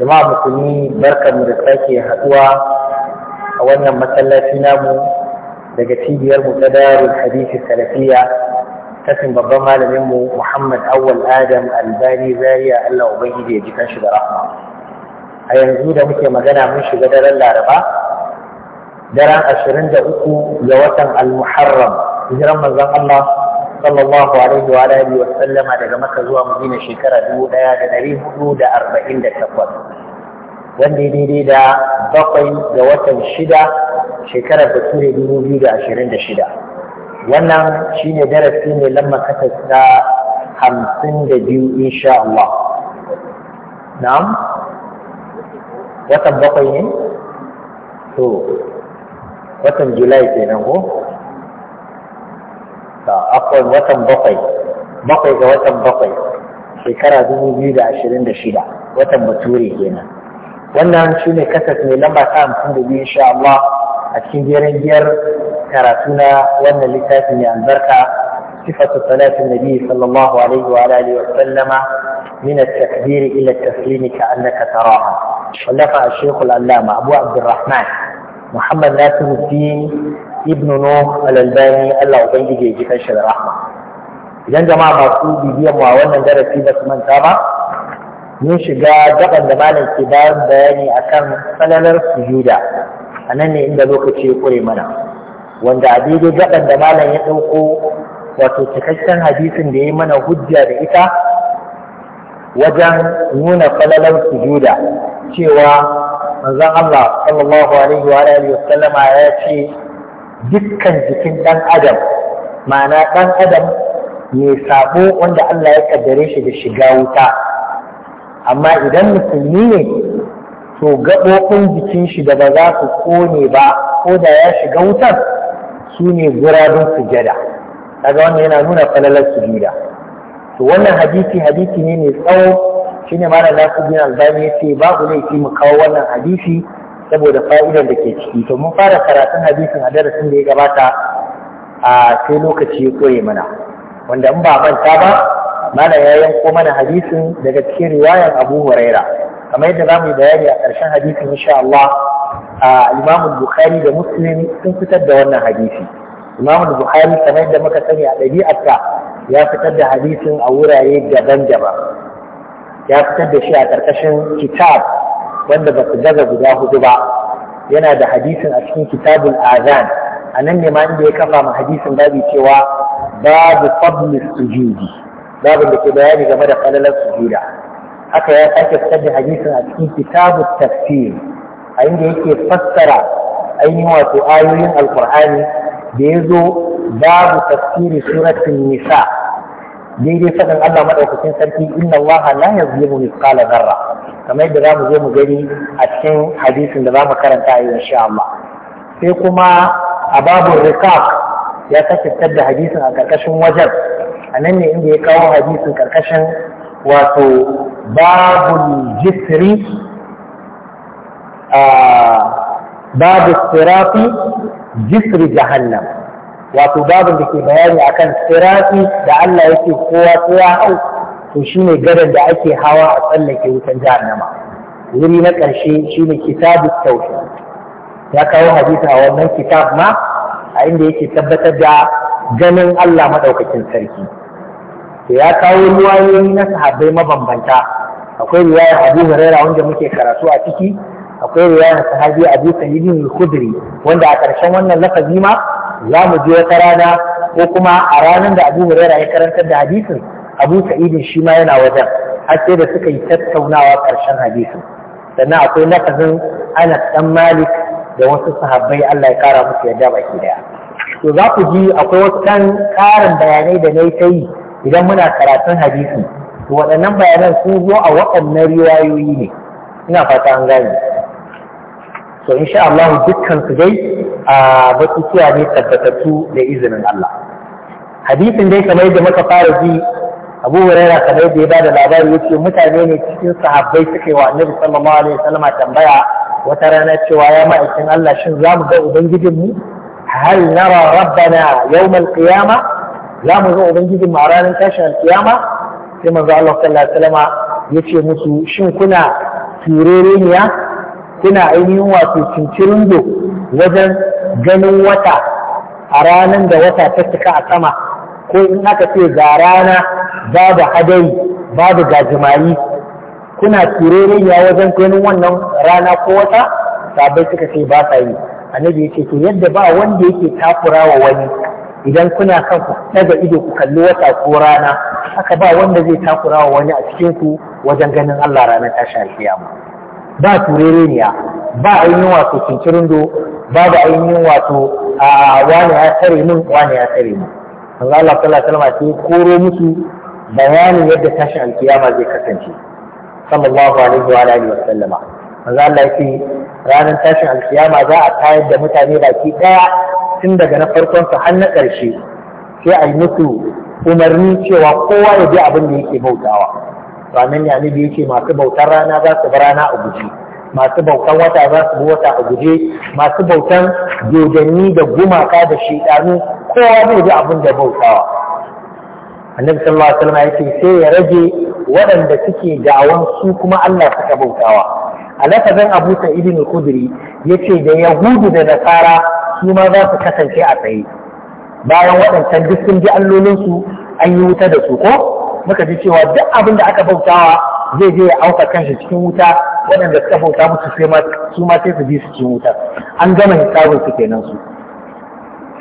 jama'a musulmi barka da sake haɗuwa a wannan masallaci namu daga cibiyar mu ta darul hadisi salafiya kasin babban malamin mu Muhammad Awwal Adam Albani Zaria Allah ubangiji ya ji kanshi da rahma a yanzu da muke magana mun shiga daren Laraba daren 23 ga watan Al-Muharram hijiran manzon Allah sallallahu alaihi wa alihi wa sallama daga Makka zuwa madina shekara dubu ɗaya da da arba'in da takwas wanda ya daidai da bakwai ga watan shida shekarar da ture dubu biyu da ashirin da shida wannan shine darasi ne lamma kasa ta hamsin da biyu insha Allah na'am watan bakwai ne to watan julai kenan ko ka akwai watan bakwai bakwai ga watan bakwai shekara dubu biyu da ashirin da shida watan bature kenan wannan shi ne kasas mai lamba ta hamsin da biyu insha Allah a cikin jerin biyar karatu na wannan littafin mai albarka sifatu salatin nabi sallallahu alaihi wa alihi wa sallama min at-takbir ila at-taslim ka annaka taraha wallafa ash-shaykh al-allama abu abdurrahman muhammad nasiruddin ibnu nuh al-albani Allah ubangiji ya ji kanshi da rahma idan jama'a masu bibiyan mu a wannan darasi ba su manta ba mun shiga gaban da malam ke bayan bayani akan salalar sujuda a nan ne inda lokaci ya kure mana wanda a daidai gaban da malam ya ɗauko wato cikakken hadisin da ya mana hujja da ita wajen nuna falalar sujuda cewa manzon Allah sallallahu alaihi wa alihi wa sallama ya ce dukkan jikin ɗan adam ma'ana ɗan adam mai sabo wanda Allah ya kaddare shi da shiga wuta amma idan musulmi ne to gaɓoɓin jikin shi da ba za su kone ba ko da ya shiga wutar su ne gurabin sujada kaga wannan yana nuna falalar gida. to wannan hadisi hadisi ne mai tsawo shine malam Nasiruddin Albani yace babu laifi mu kawo wannan hadisi saboda fa'idar da ke ciki to mun fara karatun hadisin a darasin da ya gabata a sai lokaci ya koye mana wanda in ba manta ba mana ya yanko mana hadisin daga cikin riwayan Abu Huraira kamar yadda mu yi bayani a ƙarshen hadisin insha Allah imamu Bukhari da Muslim sun fitar da wannan hadisi imamul Bukhari kamar yadda muka sani a ɗabi'arsa ya fitar da hadisin a wurare daban-daban ya fitar da shi a ƙarƙashin kitab wanda ba su gaza guda hudu ba yana da hadisin a cikin kitabul azan a nan ne ma inda ya kafa ma hadisin babu cewa babu fadli sujudi babu da ke bayani game da falalar sujuda haka ya sake fitar da hadisin a cikin kitabul tafsir a inda yake fassara ainihin wato ayoyin alkur'ani da ya zo babu tafsiri suratun nisa daidai faɗin Allah maɗaukakin sarki inna Allah la yazlimu mithqala dharra kamar yadda za mu zo mu gani a cikin hadisin da za mu karanta a insha Allah sai kuma a babu rikak ya kashe da hadisin a karkashin wajen a nan ne inda ya kawo hadisin karkashin wato babul jisri babu sirafi jisri jahannam wato babin da ke bayani akan sirafi da Allah yake kowa kowa hau to shine gadon da ake hawa a tsallake wutan jahannama wuri na ƙarshe shine kitabut tauhid ya kawo hadisi a wannan kitab ma a inda yake tabbatar da ganin Allah maɗaukakin sarki to ya kawo ruwayoyi na sahabbai mabambanta akwai riwayar Abu huraira wanda muke karatu a ciki akwai riwayar sahabi Abu Sa'id al-Khudri wanda a ƙarshen wannan lafazi ma za mu je wata rana ko kuma a ranar da Abu ya karantar da hadisin abu sa'idin shi ma yana wajen har sai da suka yi tattaunawa ƙarshen hadisi. sannan akwai lafazin ana dan malik da wasu sahabbai Allah ya kara musu yadda baki daya to za ku ji akwai wasu ƙarin bayanai da na yi ta yi idan muna karatun hadisi to waɗannan bayanan sun zo a waɗannan riwayoyi ne ina fata an gane so insha Allah dukkan su dai a batutuwa ne tabbatattu da izinin Allah hadisin dai kamar yadda muka fara ji abu huraira kamar yadda ya ba da labari yace mutane ne cikin sahabbai suka yi wa annabi sallallahu alaihi tambaya wata rana cewa ya ma'aikin Allah shin za mu ga ubangijinmu hal nara rabbana yawmal qiyama za mu ga ubangijinmu a ranar tashin alkiyama sai manzo Allah sallallahu alaihi ya yace musu shin kuna turereniya kuna ainihin wato cincirindo wajen ganin wata a ranar da wata ta cika a sama ko in aka ce ga rana babu hadari babu gajimari kuna turereniya wajen ganin wannan rana ko wata sabai suka ce ba sa yi annabi yake to yadda ba wanda yake takura wa wani idan kuna kan ku daga ido ku kalli wata ko rana haka ba wanda zai takura wa wani a cikin ku wajen ganin Allah rana ta tashin alkiyama ba ya. ba ainihin wato cincirin do da ainihin wato a wani ya tsare min wani ya tsare min Allah sallallahu alaihi wasallam sai koro musu bayanin yadda tashin alkiyama zai kasance sallallahu alaihi wa alihi wa sallama manzo Allah yake ranar tashin alkiyama za a tayar da mutane baki daya tun daga na farkon su har na karshe sai a yi musu umarni cewa kowa ya bi abin da yake bautawa ranar ne annabi yake masu bautar rana za su bi rana a guje masu bautan wata za su bi wata a guje masu bautan dodanni da gumaka da shedanu kowa zai bi abin da bautawa annabi sallallahu alaihi wasallam yake sai ya rage waɗanda suke da'awan su kuma Allah suka bautawa a lafazin Abu Sa'id al-Khudri yace da Yahudu da Nasara su ma za su kasance a tsaye bayan waɗancan duk sun ji allolin su an yi wuta da su ko muka ji cewa duk abin da aka bautawa zai je ya auka kanshi cikin wuta waɗanda suka bauta musu sai ma su ma sai su bi su cikin wuta an gama hisabin su kenan su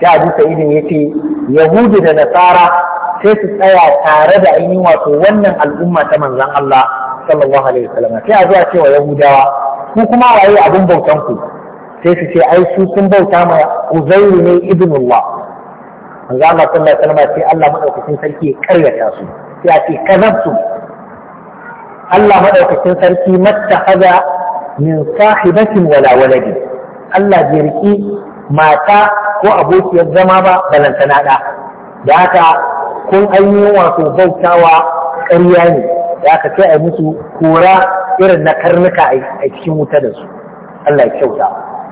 sai Abu Sa'id yace Yahudu da Nasara sai su tsaya tare da ainihin wato wannan al'umma ta manzan Allah sallallahu alaihi wasallam sai a zuwa cewa yahudawa ku kuma waye abin bautan ku sai su ce ai su sun bauta ma uzairu ne ibnullah manzo Allah sallallahu alaihi wasallam sai Allah madaukakin sarki ya karyata su sai a ce kazabtu Allah madaukakin sarki mattakhadha min sahibatin wala waladi Allah bai riki mata ko abokiyar zama ba balantana da da haka kun ainihin wato bautawa ƙarya ne da aka kai a musu kora irin na karnuka a cikin wuta da su Allah ya kyauta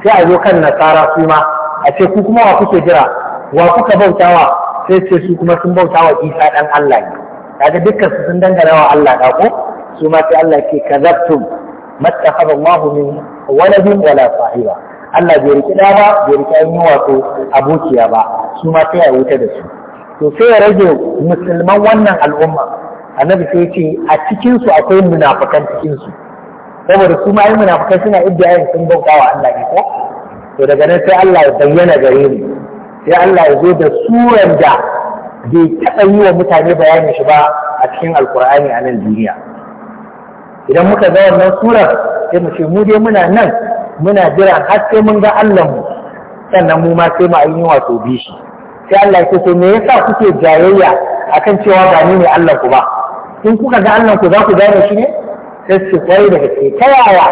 sai a zo kan nasara su ma a ce ku kuma wa kuke jira wa kuka bautawa sai ce su kuma sun bautawa Isa dan Allah ne kaga dukkan su sun dangana wa Allah da ko su ma sai Allah ke kazabtum mattakhadha Allah min waladin wala sahiba Allah bai riki ba bai riki abokiya ba su ma sai a wuta da su to sai ya rage musulman wannan al'umma annabi sai ce a cikinsu akwai munafukan cikinsu saboda su ma yi munafukan suna iddiyayin sun bauta wa Allah ne ko to daga nan sai Allah ya bayyana gare ni sai Allah ya zo da suran da bai taɓa yi wa mutane bayanin shi ba a cikin alkur'ani a nan duniya idan muka ga wannan surar sai mu ce mu dai muna nan muna jira har sai mun ga Allah mu sannan mu ma sai mu ainihin wato bi shi sai Allah ya ce me yasa kuke jayayya akan cewa ba ni ne Allah ku ba in kuka ga Allah ku za ku gane shi ne sai su kwarai da gaske ta yaya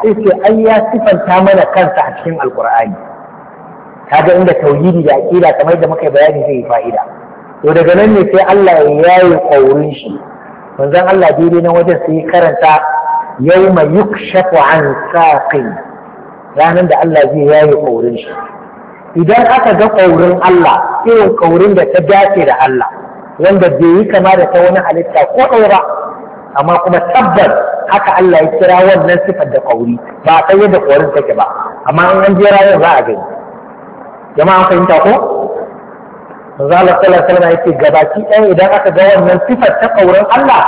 sai ce ai ya sifanta mana kansa a cikin alkur'ani kaga inda tauhidi da aqida kamar da muka bayani zai yi fa'ida to daga nan ne sai Allah ya yayi kaurin shi manzon Allah daidai nan wajen sai karanta yawma yukshafu an saqin ranan da Allah zai yayi kaurin shi idan aka ga ƙaurin Allah irin ƙaurin da ta dace da Allah wanda bai yi kama da ta wani halitta ko ɗaya ba amma kuma tabbas haka Allah ya kira wannan sifar da ƙauri ba a san yadda ƙaurin take ba amma in an jera yin za a gani jama'a an fahimta ko manzo Allah sallallahu alaihi wasallam yake gabaki ɗaya idan aka ga wannan sifar ta ƙaurin Allah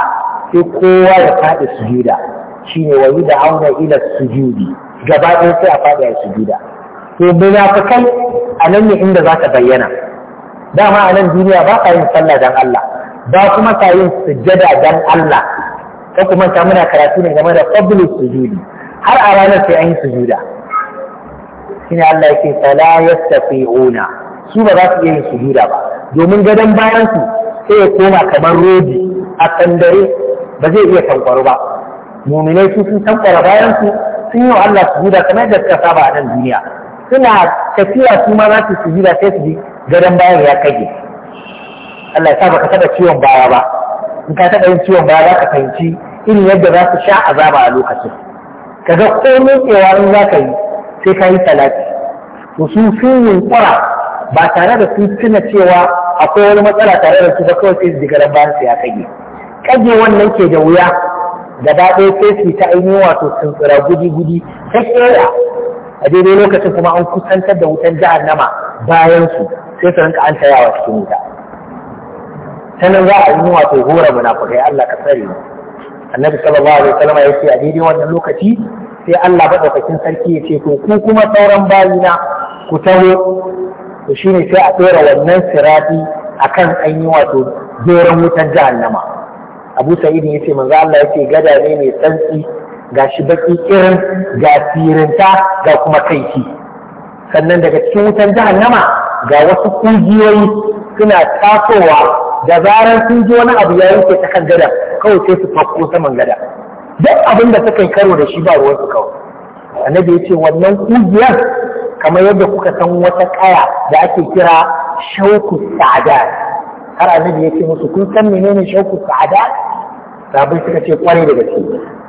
sai kowa ya faɗi sujuda shine wayi da auna ila sujudi gaba ɗaya sai a fadi a sujuda to munafikai a nan ne inda za ka bayyana dama a nan duniya ba ka yin sallah dan Allah ba kuma ka yin sujjada dan Allah ko kuma ta muna karatu ne game da fadlus sujudi har a ranar sai an yi sujuda shine Allah yake fala yastafi'una su ba za su iya yin sujuda ba domin gadon bayan su sai ya koma kamar rodi a dare, ba zai iya tankwaru ba muminai su sun tankwara bayan su sun yi wa Allah sujuda kamar yadda suka saba a nan duniya suna tafiya su ma za su su sai su ji gadon bayan ya kage Allah ya sa baka taɓa ciwon baya ba in ka taɓa yin ciwon baya za ka fahimci irin yadda za su sha azaba a lokacin kaga komai tsewa in za ka yi sai ka yi salati to su sun yunƙura ba tare da sun tuna cewa akwai wani matsala tare da su ba kawai sai su ji gadon bayan ya kage kage wannan ke da wuya gaba ɗaya sai su ta ainihin wato sun tsira gudi-gudi ta kera a daidai lokacin kuma an kusantar da wutan jahannama bayan su sai su rinka an tayawa cikin wuta sanan za a yi wato hura munafukai Allah ka tsare mu annabi sallallahu alaihi wasallam ya ce a daidai wannan lokaci sai Allah bakin sarki ya ce to ku kuma sauran bayina ku taho to shine sai a tsora wannan sirati akan an yi wato jeron wutan jahannama Abu Sa'id ya ce manzo Allah ya ce gada ne mai tsantsi ga shi baki irin ga firinta ga kuma kaifi sannan daga cikin wutan jahannama ga wasu kungiyoyi suna tasowa da zarar sun ji wani abu ya ke ta kan gada kawai sai su fakko saman gada duk abin da suka karo da shi ba ruwan su kawai annabi ya ce wannan kungiyar kamar yadda kuka san wata kaya da ake kira shauku sa'ada har annabi ya ce musu kun san menene shauku sa'ada sabai suka ce kwarai da gaske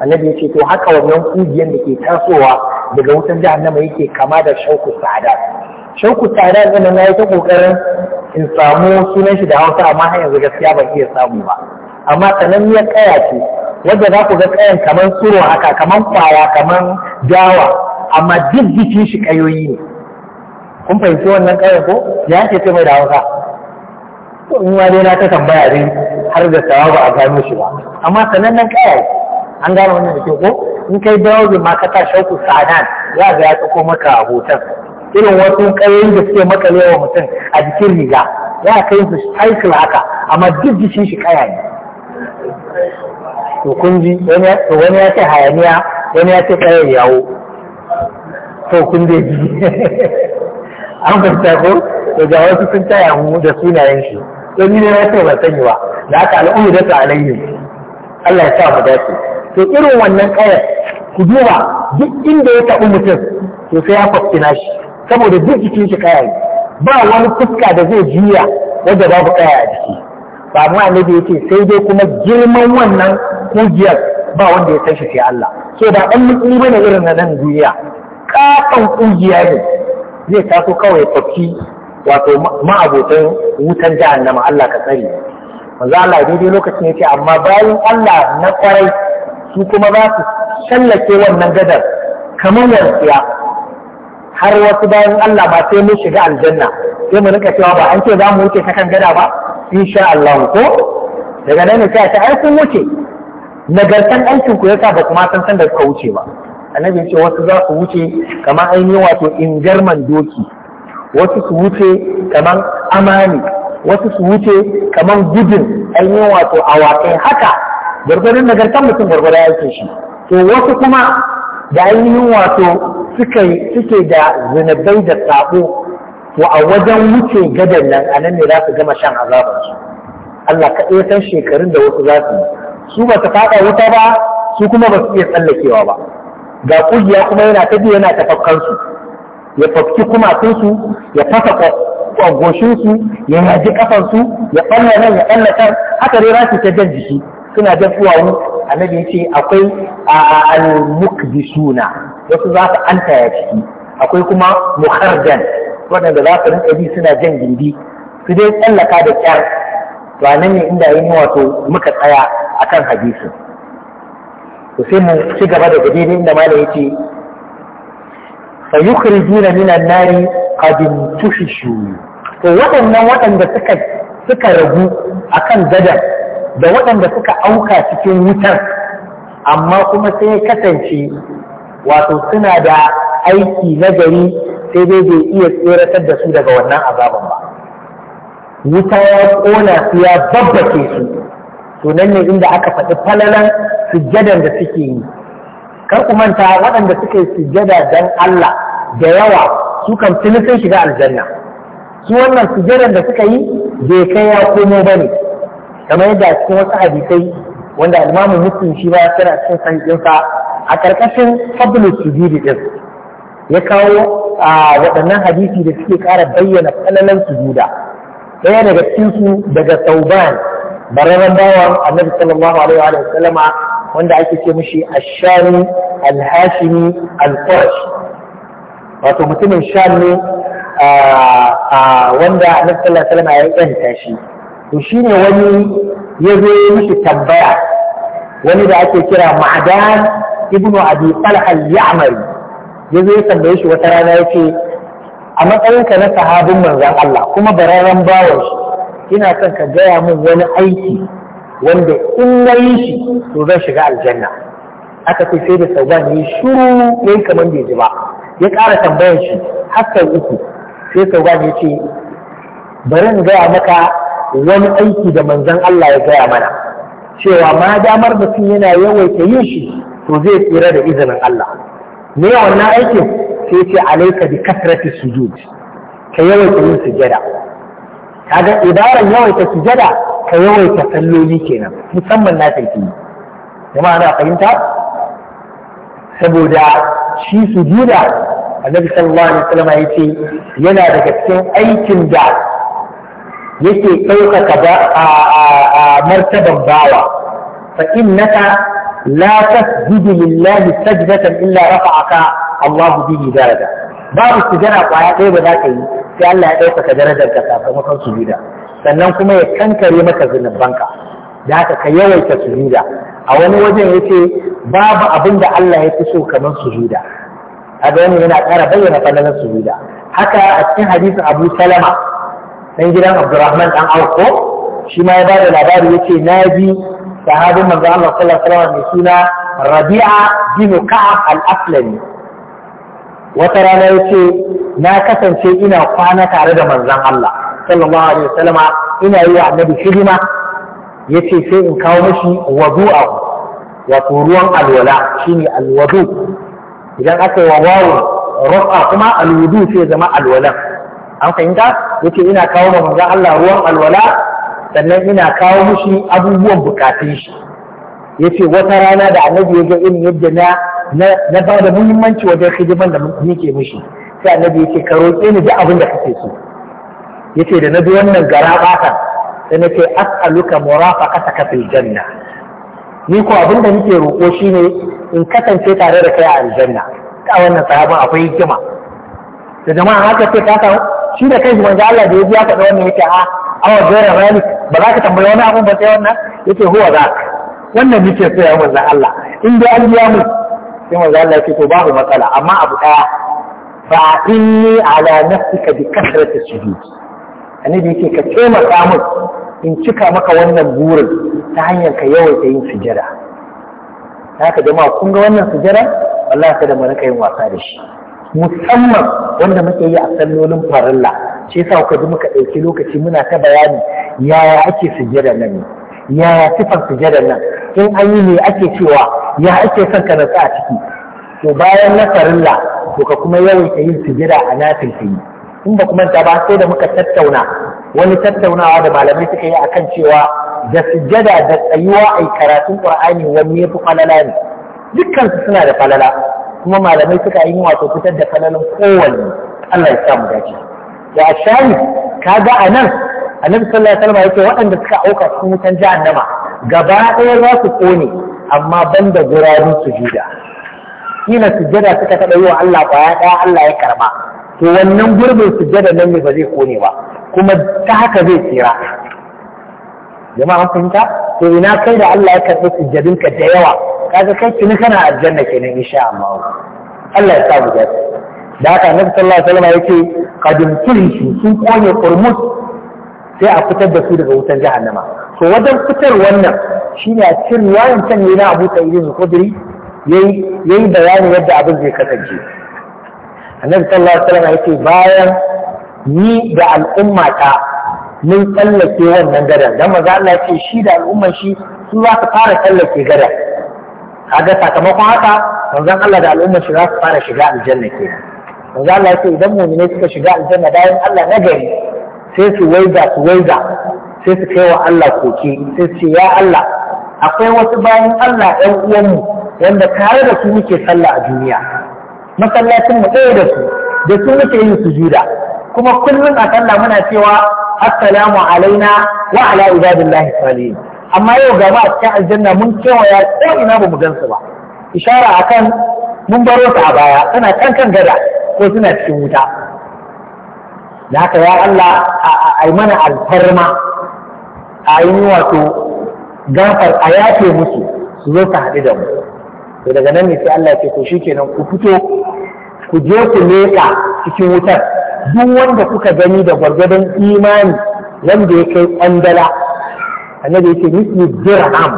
annabi ce to haka wannan kugiyan da ke tasowa daga wutan jahannama yake kama da shauku tsada shauku sa'ada din nan yayi ta kokarin in samu sunan shi da Hausa amma har yanzu gaskiya ban iya samu ba amma ya kaya ce wanda za ku ga kayan kaman suro haka kaman kwaya kaman dawa amma duk jikin shi kayoyi ne kun fahimci wannan kayan ko ya ce mai da Hausa ko in dai na ta tambaya dai har da sawa a gano shi ba amma sanannen kaya an gano wannan da ke ko in kai browsing ma ka ta shauku sanan za ga ya tsako maka hoton irin wasu kayan da suke lewa mutum a jikin riga Ya kai su cycle haka amma duk jikin shi kaya ne to kun ji wani ya ce hayaniya wani ya ce kayan yawo to kun dai ji an fahimta ko to ga wasu sun taya mu da sunayen shi to ni ne na ce ban sani ba da aka al'umma da ta alayhi Allah ya sa mu dace to irin wannan kayan ku duba duk inda ya taɓi mutum to sai ya faskina shi saboda duk jikin shi kaya ba wani fuska da zai juya wanda babu kaya a jiki ba mu annabi yake sai dai kuma girman wannan kujiyar ba wanda ya san shi sai Allah so da dan mutum bane irin na nan duniya kafan kujiya ne zai taso kawai fafi wato ma'abotan wutan jahannama Allah ka tsare manzo Allah daidai lokacin yake amma bayan Allah na kwarai su kuma za su shallake wannan gadar kamar yarsiya har wasu bayan Allah ba sai mun shiga aljanna sai mu rika cewa ba an ce za mu wuce ta kan gada ba insha Allah ko daga nan ne sai ta ai kun wuce nagartan aikin ku yasa ba kuma san san da kuka wuce ba annabi ya ce wasu za su wuce kamar ainihin wato ingarman doki wasu su wuce kamar amani wasu su wuce kamar gudun ainihin wato awakai haka gwargwadon nagartan mutum ya yake shi to wasu kuma da ainihin wato suke da zinabai da sabo to a wajen wuce gadon nan a nan ne za su gama shan azabansu Allah ka iya san shekarun da wasu za su yi. su ba su faɗa wuta ba su kuma ba su iya tsallakewa ba ga ƙugiya kuma yana ta biyu yana tafakkansu ya fafki kumatunsu ya fasa kwagoshinsu ya yaji kafansu ya ɓanna nan ya ɓalla kan haka dai rasu ta jan jiki suna jan duwawu annabi ya ce akwai al suna, wasu za su anta ya ciki akwai kuma muharjan waɗanda za su rinka bi suna jan gindi su dai tsallaka da kyar to nan ne inda yin wato muka tsaya akan hadisin to sai mu ci gaba da daidai inda malam ya ce fa minan nari qad intuhishu to waɗannan waɗanda suka suka ragu akan gada da waɗanda suka auka cikin wutar amma kuma sai ya kasance wato suna da aiki na gari sai dai bai iya tseratar da su daga wannan azaban ba wuta ya ƙona su ya babbake su to ne inda aka faɗi falalan sujjadan da suke yi kar ku manta waɗanda suke yi dan Allah da yawa su kan tuni sun shiga aljanna su wannan sujadar da suka yi bai kai ya komo ba ne kamar yadda cikin wasu hadisai wanda almamu muslim shi ba yana cikin sahihinsa a ƙarƙashin fadlu sujudi din ya kawo a waɗannan hadisi da suke ƙara bayyana falalan sujuda ɗaya daga cikinsu daga sauban bararren bawan annabi sallallahu alaihi wa sallama wanda ake ce mushi ashami alhashimi alqurashi wato mutumin sham ne a wanda na sallallahu ya yanta shi to wani ya zo mishi tambaya wani da ake kira ma'adan ibnu abi talha al-ya'mari ya zo ya tambaye shi wata rana yace a matsayinka na sahabin manzan Allah kuma bararan bawon shi ina son ka gaya min wani aiki wanda in na yi shi to zan shiga aljanna aka fi sai da sauban ya shuru ya da kamar bai ji ba ya ƙara tambayar shi har sau uku sai sauban ya ce bari in gaya maka wani aiki da manzon Allah ya gaya mana cewa ma damar mutum yana yawaita yin shi to zai tsira da izinin Allah me ya wannan aikin sai ce alaika bi kasrati sujud ka yawaita yin sujada kaga ibaran yawaita sujada ka yawaita salloli kenan musamman na tafi kuma ana fahimta saboda shi su jira annabi sallallahu alaihi wasallam ya ce yana daga cikin aikin da yake ɗaukaka ba a martaban bawa fa innaka la tasjudu lillahi sajdatan illa rafa'aka Allahu bihi daraja babu sujada kwaya ɗaya ba za ka yi sai Allah ya ɗaukaka darajar ka sakamakon sujuda sannan kuma ya kankare maka zunubanka da haka ka yawaita sujuda a wani wajen yace babu abin da Allah ya fi so kamar sujuda kaga wani yana ƙara bayyana falalar sujuda haka a cikin hadisin Abu Salama dan gidan Abdurrahman dan Auko shi ma ya ba da labari yace nabi sahabin manzo Allah sallallahu alaihi wasallam mai suna Rabi'a bin Ka'ab al-Aslami wata rana yace na kasance ina kwana tare da manzon Allah sallallahu alaihi wasallama ina yi wa annabi hidima yace sai in kawo mashi wadu'a wato ruwan alwala shine alwadu idan aka yi wa wawo rafa kuma alwudu sai zama alwala an fahimta yace ina kawo wa manzon Allah ruwan alwala sannan ina kawo mashi abubuwan bukatun shi yace wata rana da annabi ya ga irin yadda na na ba da muhimmanci wajen hidiman da muke mishi sai annabi yace ka roƙe ni duk abin da kake so yace da na bi wannan gara bata sai nake as'aluka murafaqataka fil janna ni ko abin da nake roƙo shine in kasance tare da kai a aljanna ka wannan sahabin akwai hikima da jama'a haka ce ka shi da kai manzo Allah da ya ji ya faɗa wannan yake a ah, awa gaira rani ba za ka tambayi wani abun ba sai wannan yake huwa za wannan nake so ya manzo Allah in dai an biya mu sai manzo Allah yake to babu matsala amma abu daya fa inni ala nafsika bi kasrati sujud annabi yake ka taimaka min in cika maka wannan burin ta hanyar ka yawaita yin sujada haka jama'a kun ga wannan sujada Allah kada mu maraka yin wasa da shi musamman wanda muke yi a sallolin farilla shi yasa kuka ji muka ɗauki lokaci muna ta bayani yaya ake sujada nan yaya sifan sujada nan in an yi ne ake cewa ya ake son ka nasa a ciki to bayan na farilla to ka kuma yawaita yin sujada a yi. in ba kuma ta ba sai da muka tattauna wani tattaunawa da malamai suka yi akan cewa da sujada da tsayuwa a karatun qur'ani wani yafi falala ne dukkan su suna da falala kuma malamai suka yi wato fitar da falalan kowanne Allah ya sa mu dace da ashari kaga anan annabi sallallahu alaihi wasallam yake waɗanda suka auka cikin wutan jahannama gaba ɗaya za su kone amma banda gurabin sujuda kila sujada suka taɓa yi wa Allah kwaya ɗaya Allah ya karba to wannan gurbin sujjada nan ne ba zai kone ba kuma ta haka zai tsira jama'a an fahimta to ina kai da Allah ya karɓi sujjadinka da yawa kaga kai kini kana aljanna kenan insha Allah Allah ya sa mu dace da haka Annabi sallallahu alaihi wasallam yake qadim kirshi sun kone qurmus sai a fitar da su daga wutan jahannama to wajen fitar wannan shine a cikin riwayan can ne na Abu Sa'id al-Khudri yayi yayi bayani yadda abin zai kasance annabi sallallahu alaihi wasallam yake bayan ni da al'umma ta mun tsallake wannan gadar dan maza Allah ce shi da al'umman shi su za su fara tsallake gadar kaga sakamakon haka manzon Allah da al'umman shi za su fara shiga aljanna kenan manzo Allah yake idan mu'minai suka shiga aljanna bayan Allah na gari sai su waiga su waiga sai su kai wa Allah koke sai su ce ya Allah akwai wasu bayan Allah ɗan uwanmu wanda tare da su muke sallah a duniya masallacin mu ɗaya da su da su muke yin sujuda kuma kullum a sallah muna cewa assalamu alaina wa ala ibadillahi salihin amma yau ga ba a cikin aljanna mun kewaya ko ina ba mu gansu ba ishara akan mun baro ta a baya tana kan kan gada ko suna cikin wuta da haka ya Allah a mana alfarma a yi wato gafar a yafe musu su zo ka haɗu da mu to daga nan ne sai Allah ya ce to shikenan ku fito ku je ku leka cikin wutar duk wanda kuka gani da gwargwadon imani wanda ya kai kwandala annabi yake misli dirham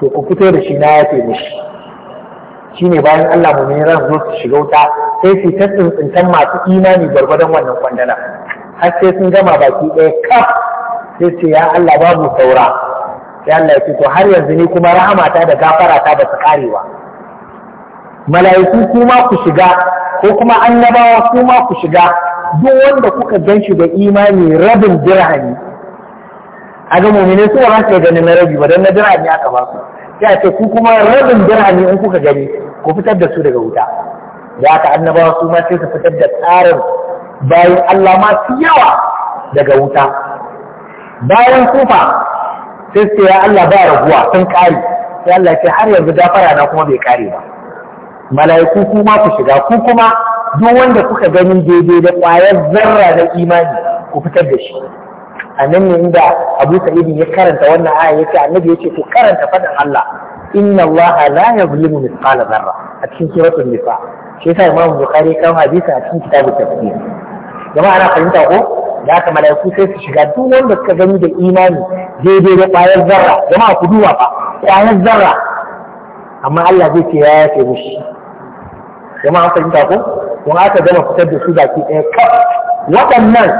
to ku fito da shi na yafe mishi shine bayan Allah mu ne ran zo su shiga wuta sai su ta tsintsintan masu imani gwargwadon wannan kwandala har sai sun gama baki ɗaya kaf sai ce ya Allah babu saura sai Allah ya ce to har yanzu ni kuma Rahama ta da Gafara ta ba su karewa mala'iku kuma ku shiga ko kuma annabawa kuma ku shiga duk wanda kuka ganshi da imani rabin dirhami a ga mu'mini su ba su ganin na rabi ba dan na dirhami aka ba su sai a ce ku kuma rabin dirhami in kuka gani ku fitar da su daga wuta da aka annabawa su sai su fitar da tsarin bayan Allah ma su yawa daga wuta bayan kufa sai su ya Allah ba raguwa sun kare sai Allah ce har yanzu gafara na kuma bai kare ba mala'iku kuma ku shiga ku kuma duk wanda kuka gani daidai da kwayar zarra na imani ku fitar da shi a nan ne inda Abu Sa'id ya karanta wannan aya yace annabi yace ku karanta faɗin Allah inna Allah la yuzlimu mithqala zarra a cikin suratul nisa shi yasa Imam Bukhari kan hadisi a cikin kitabut tafsir jama'a na fahimta ko da aka mala'iku sai su shiga duk wanda suka gani da imani daidai da ƙwayar zarra jama'a ku duba fa ƙwayar zarra amma Allah zai ce ya yafe mushi jama'a fahimta ko kun aka gama fitar da su baki ɗaya kaf waɗannan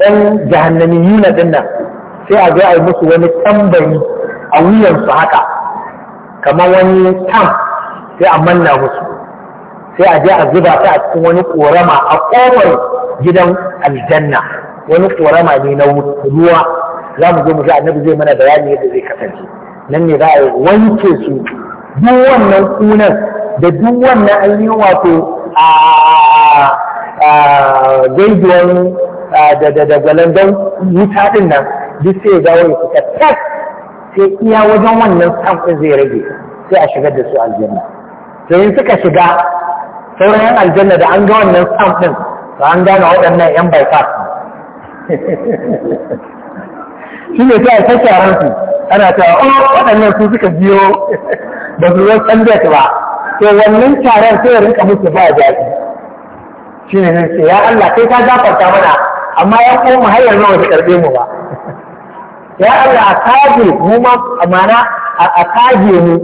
ɗan jahannamiyu na dinnan sai a zo a yi musu wani tambayi a wuyansu haka kamar wani tam sai a manna musu sai a je a zuba ta a cikin wani korama a ƙofar gidan aljanna wani korama ne na ruwa za mu zo mu ga annabi zai mana bayani yadda zai kasance nan ne za a wanke su duk wannan kunan da duk wannan ainihin wato a da galandon wuta din nan duk sai ya ya fita tak sai iya wajen wannan samfin zai rage sai a shigar da su aljanna Sai suka shiga sauran aljanna da an ga wannan samfin to an gane waɗannan yan bypass shi ne ta ta sharan su ana ta o oh, waɗannan su suka biyo ba su ɗan san ba to wannan taron sai ya rinka musu ba jaji shi ne ce ya Allah kai ka zafarta mana amma ya koma har nawa da su karɓe mu ba ya Allah a kaje mu ma amana a kaje mu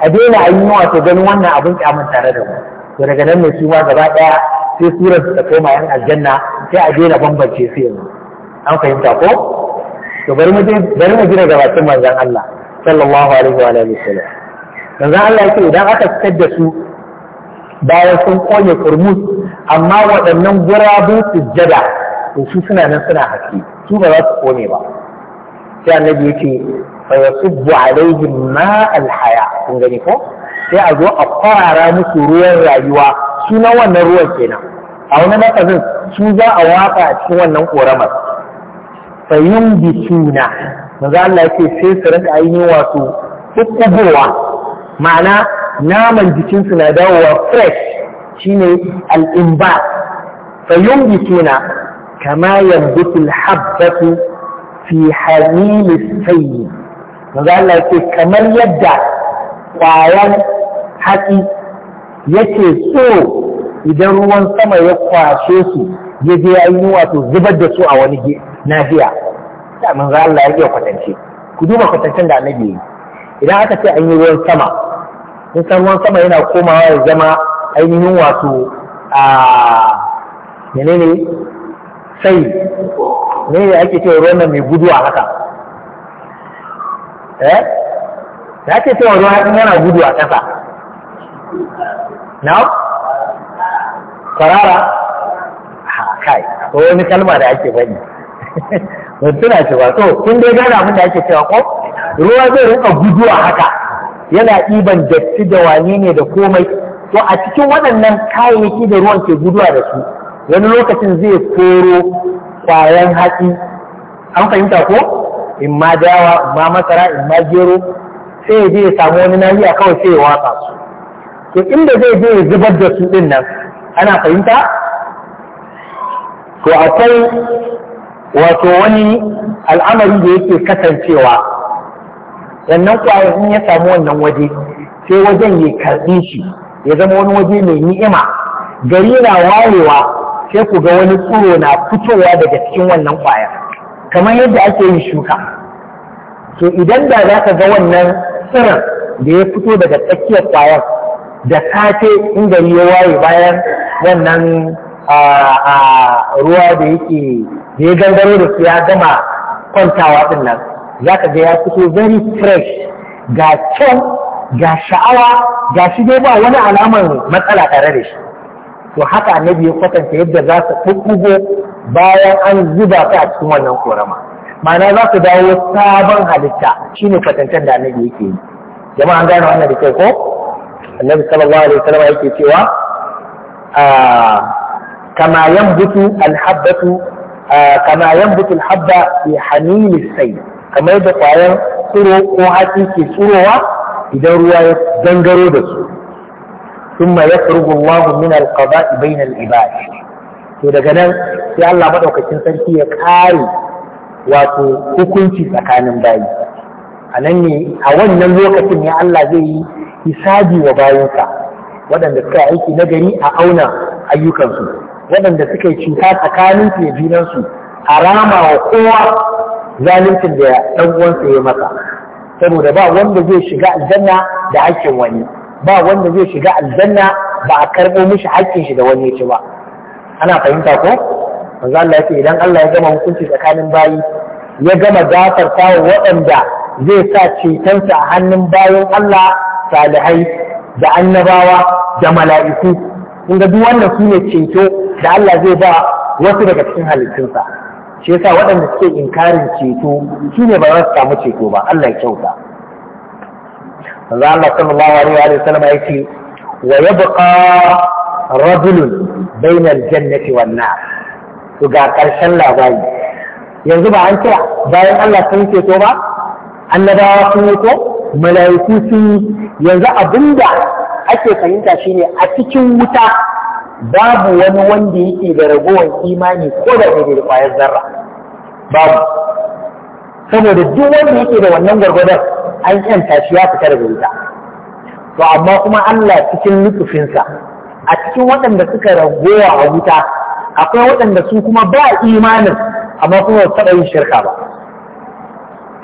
a daina ayyuka wato ganin wannan abin kyamun tare da mu to daga nan ne su ma gaba ɗaya sai surar ta koma yan aljanna sai a daina bambance su yanzu an fahimta ko to bari mu je bari mu gabatin manzan Allah sallallahu alaihi wa alihi wasallam manzan Allah yake idan aka fitar da su bayan sun kone kurmus amma waɗannan gurabun sujjada to su suna nan suna haske su ba za su kone ba sai annabi yake fa yasubbu alaihim ma alhaya kun gani ko sai a zo a kwarara musu ruwan rayuwa sunan wannan ruwan kenan a wani lafazin su za a waka a cikin wannan ƙoramar fayin bisuna maza Allah ce sai su rinka ainihin wato kukkugowa ma'ana naman jikinsu na dawowa fresh shine al'imba fayin bisuna kama yambutul habbatu fi hamilis sayyi maza Allah ce kamar yadda ƙwayan haƙi yake so idan ruwan sama ya kwashe su ya je ya yi wato zubar da su a wani nahiya amin za Allah iya kwatance ku duba kwatancen da annabi yi idan aka ce an yi ruwan sama in san ruwan sama yana komawa ya zama ainihin wato a ne sai ne ne ake cewa ruwan nan mai gudu a haka eh ya ake cewa ruwan yana gudu a kasa na kwarara ha kai ko wani kalma da ake bani mutuna ce ba to kun dai gana abin da ake cewa ko ruwa zai rinka guduwa haka yana iban datti da wani ne da komai to a cikin waɗannan kayayyaki da ruwan ke guduwa da su wani lokacin zai koro kwayan hatsi an fahimta ko in ma dawa in ma masara in ma gero sai ya samu wani nahiya kawai sai ya watsa su to inda zai je ya zubar da su din nan ana fahimta to akwai wato wani al'amari da yake kasancewa sannan kwayan in ya samu wannan waje sai wajen ya karɓi shi ya zama wani waje mai ni'ima gari na wayewa sai ku ga wani tsuro na fitowa daga cikin wannan kwaya kamar yadda ake yin shuka to idan da za ka ga wannan tsirin da ya fito daga tsakiyar kwayar da safe in gari ya waye bayan wannan ruwa da yake da ya gangaro da su ya gama kwantawa din nan za ka ga ya fito very fresh ga kyau ga sha'awa ga shi dai ba wani alaman matsala tare da shi to haka annabi ya kwatanta yadda za su kukkugo bayan an zuba ta a cikin wannan korama ma'ana za su dawo sabon halitta shine kwatantar da annabi yake yi jama'a an gane wannan da kai ko annabi sallallahu alaihi wasallam yake cewa ah, kama yanbutu alhabbatu ah, kama yanbutu alhabba fi hamil sayy kamar da kwayan tsiro ko hatsi ke tsirowa idan ruwa ya dangaro da su ثم يفرغ الله من القضاء بين العباد to daga nan sai Allah madaukakin sarki ya kare wato hukunci tsakanin bayi a nan ne a wannan lokacin ne Allah zai yi hisabi wa bayansa waɗanda suka aiki na gari a auna ayyukansu waɗanda suka yi cuta tsakanin su junansu a rama wa kowa zaluncin da ɗan uwansa ya masa saboda ba wanda zai shiga aljanna da aikin wani ba wanda zai shiga aljanna ba a karɓo mishi hakkin shi da wani ya ci ba ana fahimta ko manzo Allah ya ce idan Allah ya gama hukunci tsakanin bayi ya gama gafarta wa waɗanda zai sa cetonsa a hannun bayan Allah salihai da annabawa da mala'iku in ga duk wannan su ne cinto da Allah zai ba wasu daga cikin halittunsa shi yasa waɗanda suke inkarin ceto su ne ba za su samu ceto ba Allah ya kyauta Allah sallallahu alaihi wa sallam ce, wa yabqa rajulun bainar jannati wan nar to ga karshen labari yanzu ba an kira bayan Allah sun ceto ba annabawa sun yi ko mala'iku sun yi yanzu abinda ake fahimta shine a cikin wuta babu wani wanda yake da ragowar imani ko da daidai da kwayar zarra babu saboda duk wanda yake da wannan gwargwadon an yanta shi ya fita daga wuta to amma kuma Allah cikin lutufinsa a cikin waɗanda suka ragowa a wuta akwai waɗanda su kuma ba imanin amma kuma taɓa yin shirka ba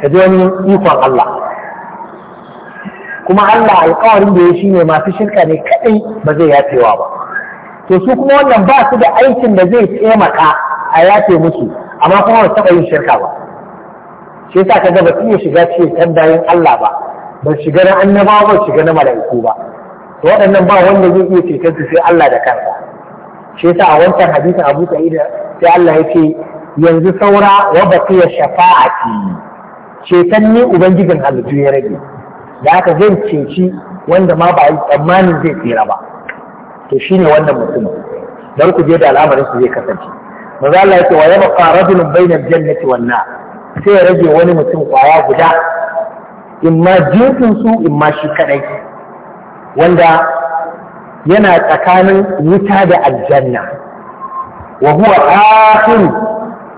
ka ji wani ikon Allah kuma Allah alƙawarin da ya shi ne masu shirka ne kaɗai ba zai yafewa ba to su kuma wannan ba su da aikin da zai taimaka a yafe musu amma kuma ba taɓa yin shirka ba shi yasa kaga ba iya shiga cikin kan Allah ba ba shiga na annaba ba shiga na mala'iku ba to waɗannan ba wanda zai iya ceton su sai Allah da kansa shi yasa a wancan hadisin Abu Sa'id sai Allah ya ce yanzu saura wa baqiya shafa'ati ceton ni ubangijin halittu ya rage da aka zan cinci wanda ma ba a yi tsammanin zai tsira ba to shi ne wannan mutumin dan ku je da al'amarin su zai kasance maza Allah ce wa yabqa rajulun bainal jannati wan sai ya rage wani mutum kwaya guda In ma jinsin su ma shi kadai wanda yana tsakanin wuta da aljanna wa huwa akhir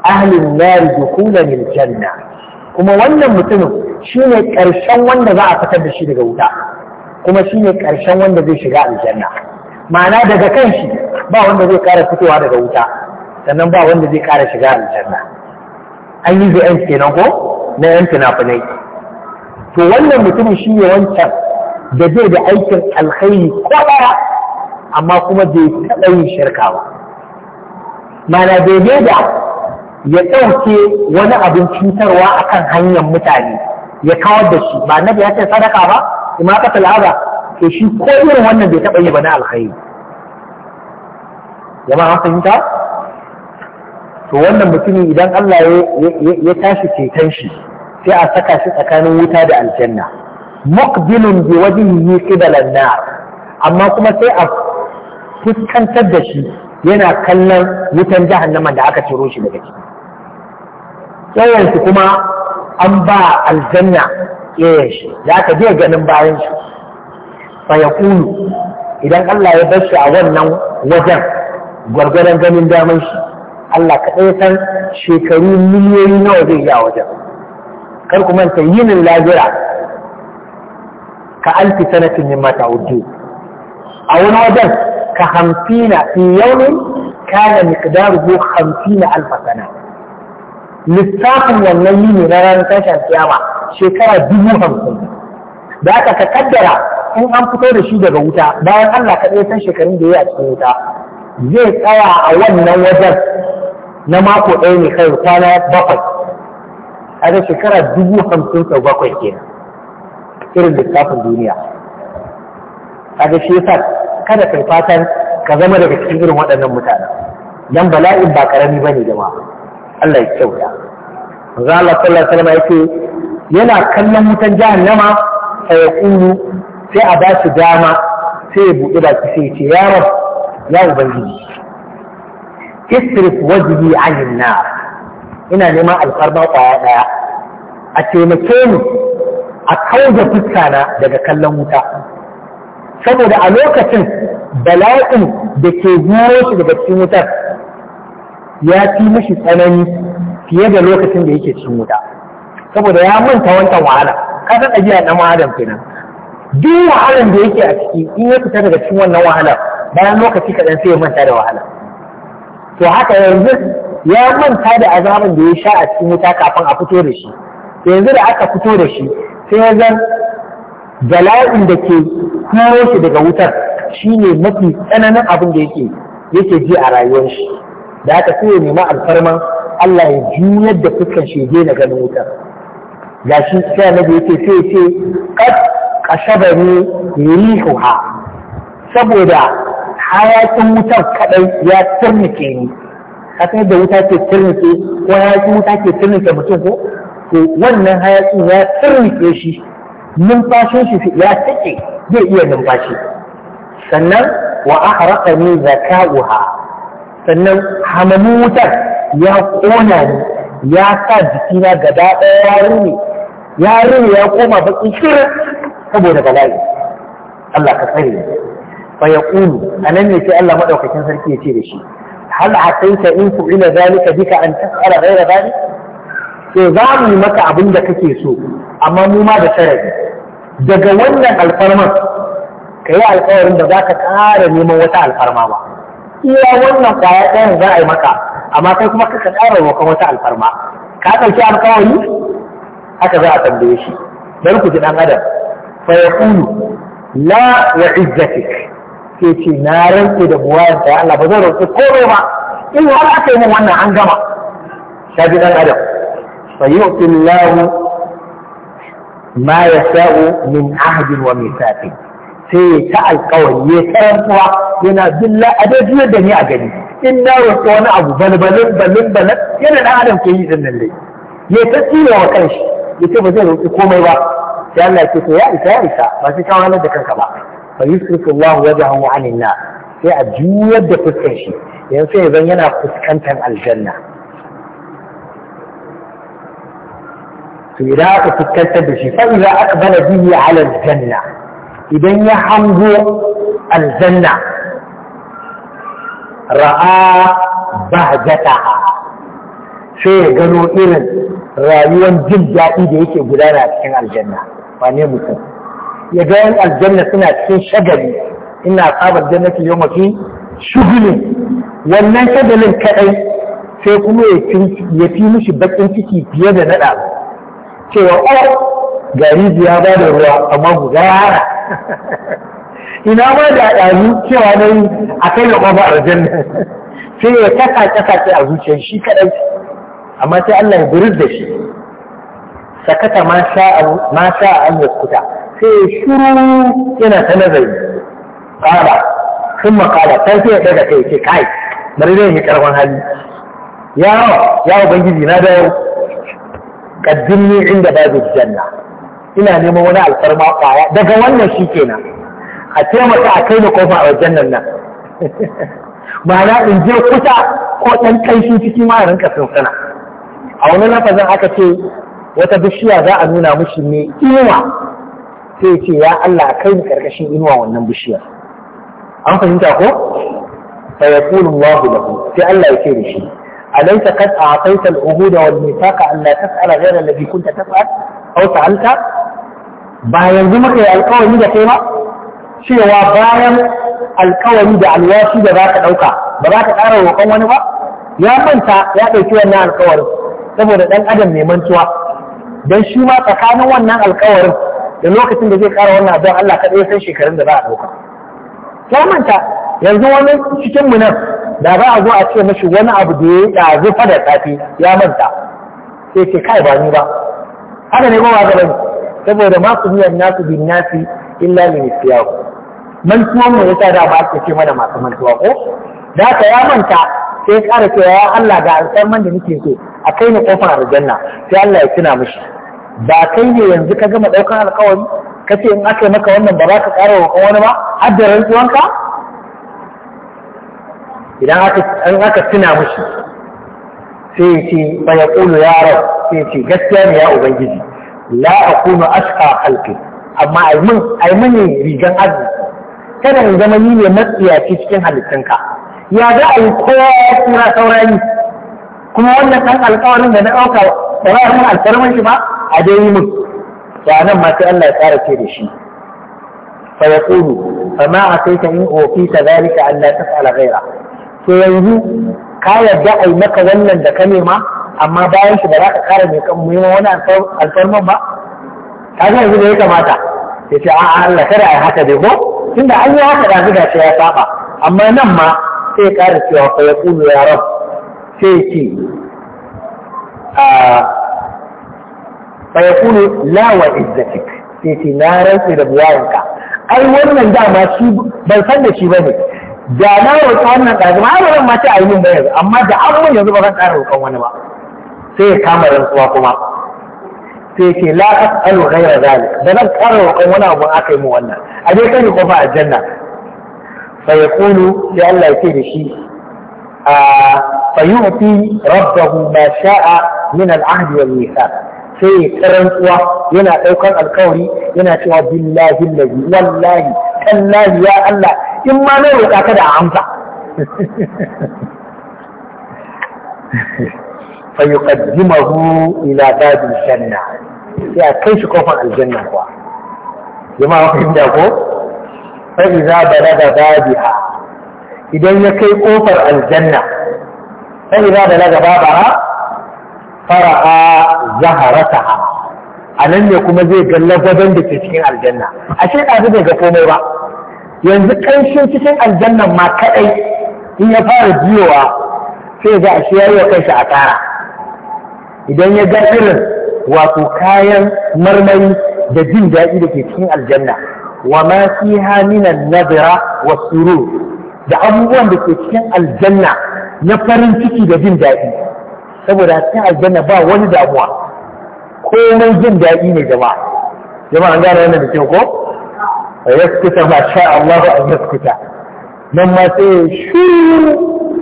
ahli an-nar dukhulan janna kuma wannan mutumin shine ƙarshen wanda za a fitar da shi daga wuta kuma ne ƙarshen wanda zai shiga aljanna ma'ana daga kan shi ba wanda zai ƙara fitowa daga wuta sannan ba wanda zai ƙara shiga aljanna an yi zai kenan ko na yan finafinai to wannan mutumin shi ne wancan da zai da aikin alkhairi ko ɗaya amma kuma bai taɓa yin shirkawa. ma'ana bai da ya ɗauke wani abin cutarwa akan hanyar mutane ya kawar da shi ba annabi ya ce sadaka ba kuma ka talaba to shi ko irin wannan bai taɓa yi ba na alkhairi jama'a fahimta to wannan mutumin idan Allah ya tashi ceton shi sai a saka shi tsakanin wuta da aljanna muqbilun bi wajhihi qibala nar amma kuma sai a fuskantar da shi yana kallon wutan jahannama da aka ciro shi daga ciki yawan kuma an ba aljanna kewayen shi za ka je ganin bayan shi fa ya kulu idan Allah ya bar shi a wannan wajen gwargwaron ganin daman shi Allah ɗaya san shekaru miliyoyi nawa zai ya wajen kar ku manta yinin lajira ka alfi sanatin min mata uddu a wani wajen ka hamsina fi yawmin kana miqdaruhu hamsina alfa littafin wannan ne na ranar tashar kiyama shekara dubu hamsin da aka ka kaddara in an fito da shi daga wuta bayan Allah ka ɗaya san shekarun da ya yi a cikin wuta zai tsaya a wannan wajen na mako ɗaya ne kai kwana bakwai a da shekara dubu hamsin sau bakwai kenan irin littafin duniya a da shi yasa kada kai fatan ka zama daga cikin irin waɗannan mutanen don bala'in ba karami bane jama'a Allah ya kyauta manzo Allah sallallahu alaihi wasallam yake yana kallon wutan jahannama fa yaqulu sai a ba shi dama sai ya buɗe baki sai ya ce ya rab ya ubangiji isrif wajhi anin ina neman alfarma kwaya daya a taimake ni a kauda fuska na daga kallon wuta saboda a lokacin bala'in da ke biyo shi daga cikin wutar ya fi mashi tsanani fiye da lokacin da yake cin wuta saboda ya manta wancan wahala ka a jiya ɗan adam kenan duk wahalan da yake a ciki in ya fita daga cikin wannan wahala bayan lokaci kaɗan sai ya manta da wahala to haka yanzu ya manta da azaban da ya sha a cikin wuta kafin a fito da shi yanzu da aka fito da shi sai ya zan bala'in da ke kuro shi daga wutar shine mafi tsananin abin da yake yake ji a rayuwar shi da aka sai ya nema alfarman Allah ya juyar da fuskan shi na ganin wutar ga shi sai annabi yake sai ya ce qad qashabani rihuha saboda hayakin wutar kadai ya turnike ni kasan da wuta ke turnike ko hayakin wuta ke turnike mutum ko to wannan hayakin ya turnike shi numfashin shi ya take zai iya numfashi sannan wa ahraqani zaka'uha sannan hamamu wutar ya ƙona ni ya sa jikina gaba ɗaya ya rune ya rune ya koma baƙi shirin saboda bala'i Allah ka tsare fa yaqulu anan ne sai Allah madaukakin sarki ya ce da shi hal asaita in fu'ila zalika bika an tas'ala ghayra zalik sai za mu yi maka abin da kake so amma mu ma da sharadi daga wannan alfarman ka yi alkawarin da za ka ƙara neman wata alfarma ba iya wannan kwaya ɗayan za a yi maka amma kai kuma kaka ƙara roƙon wata alfarma ka ɗauki alkawari haka za a tambaye shi don ku ji ɗan adam fa ya ƙulu la wa izzatik ke ce na rantse da buwayen ta Allah ba zan roƙi komai ba in har aka yi min wannan an gama ta ji ɗan adam fa yi ma ya sha'u min ahadin wa misafin sai ya ta alkawari ya karantuwa yana billa a dajiyar da ni a gani in na roƙi wani abu balbalin balin balin yana ɗan adam ke yi din nan dai ya ta tsira wa kanshi ya ce ba zai roƙi komai ba sai Allah ke to ya isa ya isa ba sai ka da kanka ba fa yusrifu Allah wajhahu 'anil nar sai a juyar da fuskar shi yanzu sai zan yana fuskantar aljanna to idan aka fuskantar da shi fa idza aqbala bihi 'ala aljanna idan ya hango aljanna ra'a bahjata sai ya gano irin rayuwar jin daɗi da yake gudana cikin aljanna wane mutum ya ga yan aljanna suna cikin shagali ina sabar jannatin yau mafi shugulin wannan shagalin kaɗai sai kuma ya fi mishi bakin ciki fiye da naɗa cewa o oh, gari ya ba da ruwa amma guda ina ma da ɗazu cewa na yi a kai da ƙwaba a nan. sai ya kasa kasa a zuciyar shi kaɗai amma sai Allah ya buris da shi sakata ma sha an yaskuta sai ya shuru yana ta nazari ƙala sun makala sai sai ya ɗaga kai ke kai bari zai yi ƙarfin hali ya ya ubangiji na da yau kaddin ni inda babu janna ina neman wani alfarma kwaya daga wannan shi kenan a taimaka a kai da kofa a wajen nan nan ma'ana in je kusa ko ɗan ƙanshin ciki ma rinka sansana. a wani lafazin aka ce wata bishiya za a nuna mushi ne inuwa sai ce ya Allah kai ni karkashin inuwa wannan bishiyar an fahimta ko fa yaqulu Allahu lahu sai Allah ya ce da shi alaysa qad a'tayta al-uhuda wal mithaqa an la tas'ala ghayra alladhi kunta tas'al hausa sa'alta ba yanzu muka yi alkawari da kai ba cewa bayan alkawari da alwashi da za ka ɗauka ba za ka ƙara roƙon wani ba ya manta ya ɗauki wannan alkawarin saboda ɗan adam mai mantuwa don shi ma tsakanin wannan alkawarin da lokacin da zai ƙara wannan abin Allah kaɗai san shekarun da za a ɗauka ya manta yanzu wani cikin mu nan da za a zo a ce mashi wani abu da ya yi ɗazu fa da safe ya manta sai ce kai ba ni ba haka ne kuma ga bane saboda ma su miyan nasu bin nasi illa min istiyahu mantuwan mu yasa da ba ake ce mana masu mantuwa ko da ka ya manta sai ya ƙara cewa ya Allah ga alƙarman da nake so a kai ni kofar aljanna sai Allah ya tuna mishi ba kai ne yanzu ka gama ɗaukar alƙawari ka ce in aka yi maka wannan ba za ka ƙara wa wani ba har da rantsuwanka idan aka tuna mishi sai ce fa yaqulu ya rab sai ce gaskiya ne ya ubangiji la akunu asqa halki. amma ai mun rigan arziki kada in zama ni ne matsiyaci cikin halittunka ya za a yi kowa kura saurani kuma wannan ɗan alƙawarin da na ɗauka da ba mun alfarman shi ba a dai mun Ba anan ma sai Allah ya tsara ce da shi fa a fama ataita in ofisa zalika Allah ta tas'ala ghaira to yanzu ka yarda a yi maka wannan da ka nema amma bayan shi ba za ka kara mai kan muhimma wani alfarman ba ta zai yanzu da ya kamata ya ce a'a Allah kada a yi haka dai ko tunda an yi haka da zuga ce ya saba amma nan ma sai ya kara cewa ko ya kulu ya rab sai ce fa ya kulu lawa izzatik sai ce na rantsi da buwayenka ai wannan dama shi ban san da shi ba ne. da na roƙi wannan ɗazu ma ba zan ma ce a yi min ba yanzu amma da an mun yanzu ba zan ƙara roƙon wani ba sai ya kama rantsuwa kuma sai ya ce la as'alu ghayra zalik da zan ƙara roƙon wani abu aka yi mu wannan a dai kai ko ba aljanna fa yaqulu li Allah yake da shi a fa yu'ti rabbahu ma sha'a min al-ahd wal mithaq sai ya karantsuwa yana ɗaukar alkawari yana cewa billahi wallahi tallahi ya Allah in ma na roƙa ka da amsa fa yuqaddimahu ila babil janna sai a kai shi kofar aljanna kuwa jama'a kun da ko fa idza balaga babiha idan ya kai kofar aljanna fa idza balaga babaha fara'a zaharata. a nan ne kuma zai ga lagwadon da ke cikin aljanna a shi ɗazu bai ga komai ba yanzu ƙarshen cikin aljannan ma kaɗai in ya fara jiyowa sai za a ya yi wa kansa a ƙara idan ya ga irin wato kayan marmari da jin daɗi da ke cikin aljanna wa ma fiha minan wa surur da abubuwan da ke cikin aljanna na farin ciki da jin daɗi saboda cikin aljanna ba wani damuwa komai jin daɗi ne jama'a jama'a an gane wannan da kyau ko a yaskuta ma sha Allah an yaskuta nan ma sai shi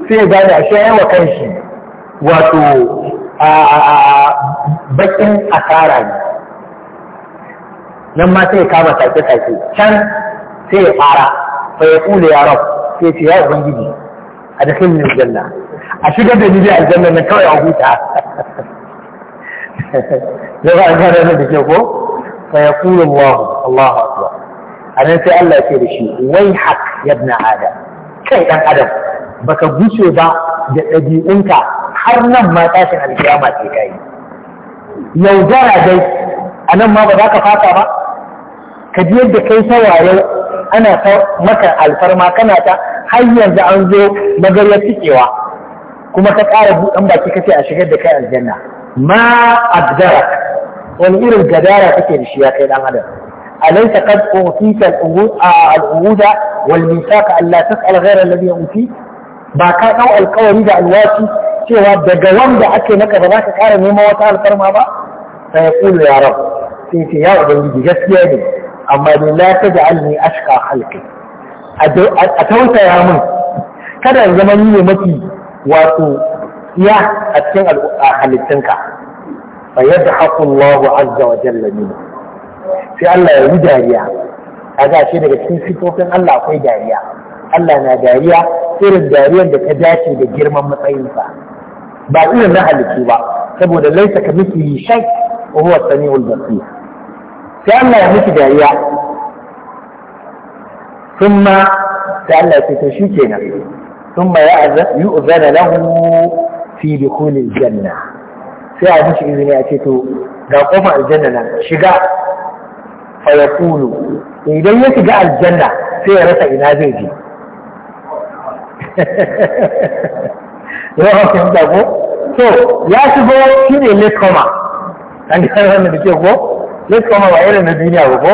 sai gane a sha yawa kanshi wato a bakin asara ne nan ma sai kama sake sake can sai ya fara fa ya kula ya rab sai ce ya ubangiji a da kan aljanna a shigar da ni da aljanna na kawai a huta ya ba a gane da ke ko fa ya kula Allah Allahu akbar a nan sai Allah ce da shi wai haq yabna adam kai dan adam baka guce ba da ka har nan ma tashin alkiyama ce kai yaudara dai a nan ma ba za ka fata ba ka ji yadda kai saurare ana ta maka alfarma kana ta har yanzu an zo magarya cikewa kuma ka ƙara buɗan baki kace a shigar da kai aljanna ma abdarak wani irin gadara kake da shi ya kai dan adam أليس قد أعطيت العهود والميثاق ألا تسأل غير الذي أوتيت ba ka ɗau alkawari da alwaci cewa daga wanda ake maka ba za ƙara neman wata alfarma ba sai ya kulu ya rab sai ce ya ubangiji gaskiya ne amma ne la ta da alni ashka halki a tausaya min kada in zama ni ne mafi wato a cikin halittunka fa yadda haƙun Allahu azza wa sai Allah ya yi dariya a gashi daga cikin sifofin Allah akwai dariya Allah na dariya irin dariyar da ta dace da girman matsayinsa ba irin na halittu ba saboda laisa ka miki shai wa huwa sami'ul basir sai Allah ya miki dariya thumma sai Allah ya ce to shikenan thumma yu'zana lahu fi dukhulil janna sai a mishi izini a ce to ga kofar aljanna nan shiga fa kulu, idan ya shiga aljanna sai ya rasa ina zai je yawon kan da ko ya shigo ne lekoma an ga wannan da ke ko lekoma ba irin na duniya ba ko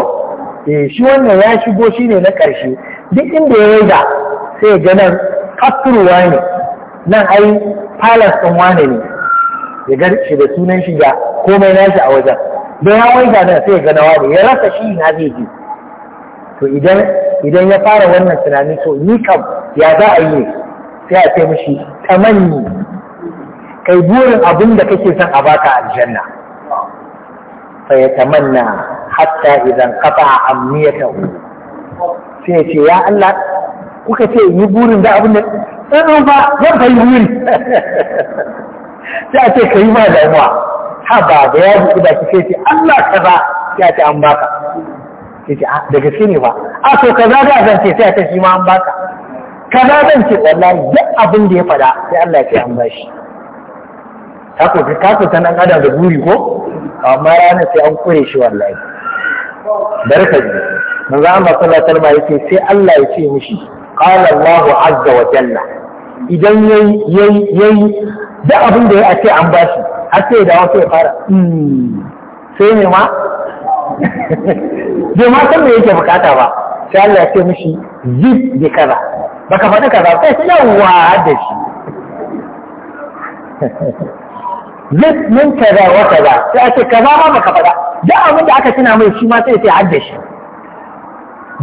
eh shi wannan ya shigo ne na karshe duk inda ya rage sai ga ganar kafurwa ne nan ai palace ɗin wane ne ya garce da sunan shiga komai nashi a wajen da ya waiga da sai ga nawa ya rasa shi na zai ji to idan idan ya fara wannan tunani to ni kam ya za a yi sai a ce mishi tamanni kai burin abin da kake son a baka aljanna fa ya tamanna hatta idan qata amniyatahu sai ce ya Allah kuka ce yi burin da abin da sai ba zan kai burin sai a ce kai ma damuwa haba da ya buɗe baki sai ce Allah kaza ya ce an baka sai ce ah, da gaske ne ba a to kaza da zan ce sai ta shi ma an baka kaza zan ce wallahi duk abin da ya faɗa sai Allah ya ce an bashi ka ko ka ko san an da buri ko amma ranar sai an kure shi wallahi barka ji manzo Allah sallallahu alaihi wasallam yace sai Allah ya ce mishi qala Allahu azza wa jalla idan yayi yayi da abin da ya ce an bashi a ce da wasu ya fara sai ne ma bai ma san me yake bukata ba sai Allah ya ce mishi zip da kaza baka faɗi kaza sai sai yawa da shi zip min kaza wa kaza sai ake kaza ma baka faɗa da, abin da aka tuna mai shi ma sai sai hadda shi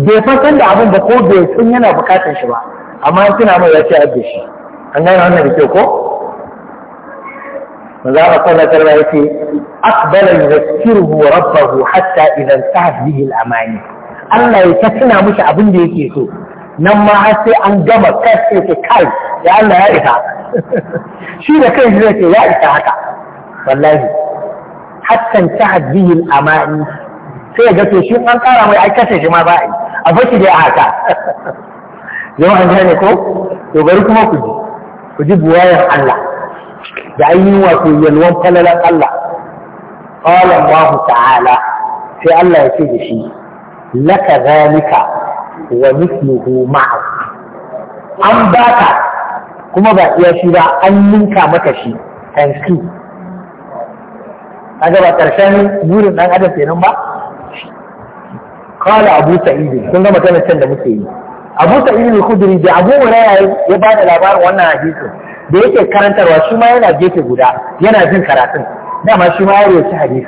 bai fasan da abin ba ko bai sun yana bukatan shi ba amma an tuna mai ya ce hadda shi an gane wannan da ke ko وزارة صلى الله أقبل يذكره ربه حتى إذا انتهت به الأماني ألا يتكنا مش أبن دي نما أسي أن جمع كيسو كيسو يا الله يا إيسا شو ده كيسو يا إيسا حتى والله حتى انتهت به الأماني سيجاتو شو أن ترى ما يأكسي شما بائي أفشي دي أحاكا يوم عندها نكو يوغاركم أكدو وجب وايح الله da yi wato yalwan falalar Allah qala Allah ta'ala sai Allah ya ce da shi laka zalika wa mithluhu ma'a an ba ka kuma ba iya shi ba an ninka maka shi times two kaga ba karshen burin dan adam kenan ba qala abu sa'id kun gama magana can da muke yi abu sa'id al-khudri da abu hurairah ya ba da labarin wannan hadisin da yake karantarwa shi ma yana gefe guda yana jin karatun dama shi ma ya shi hadisi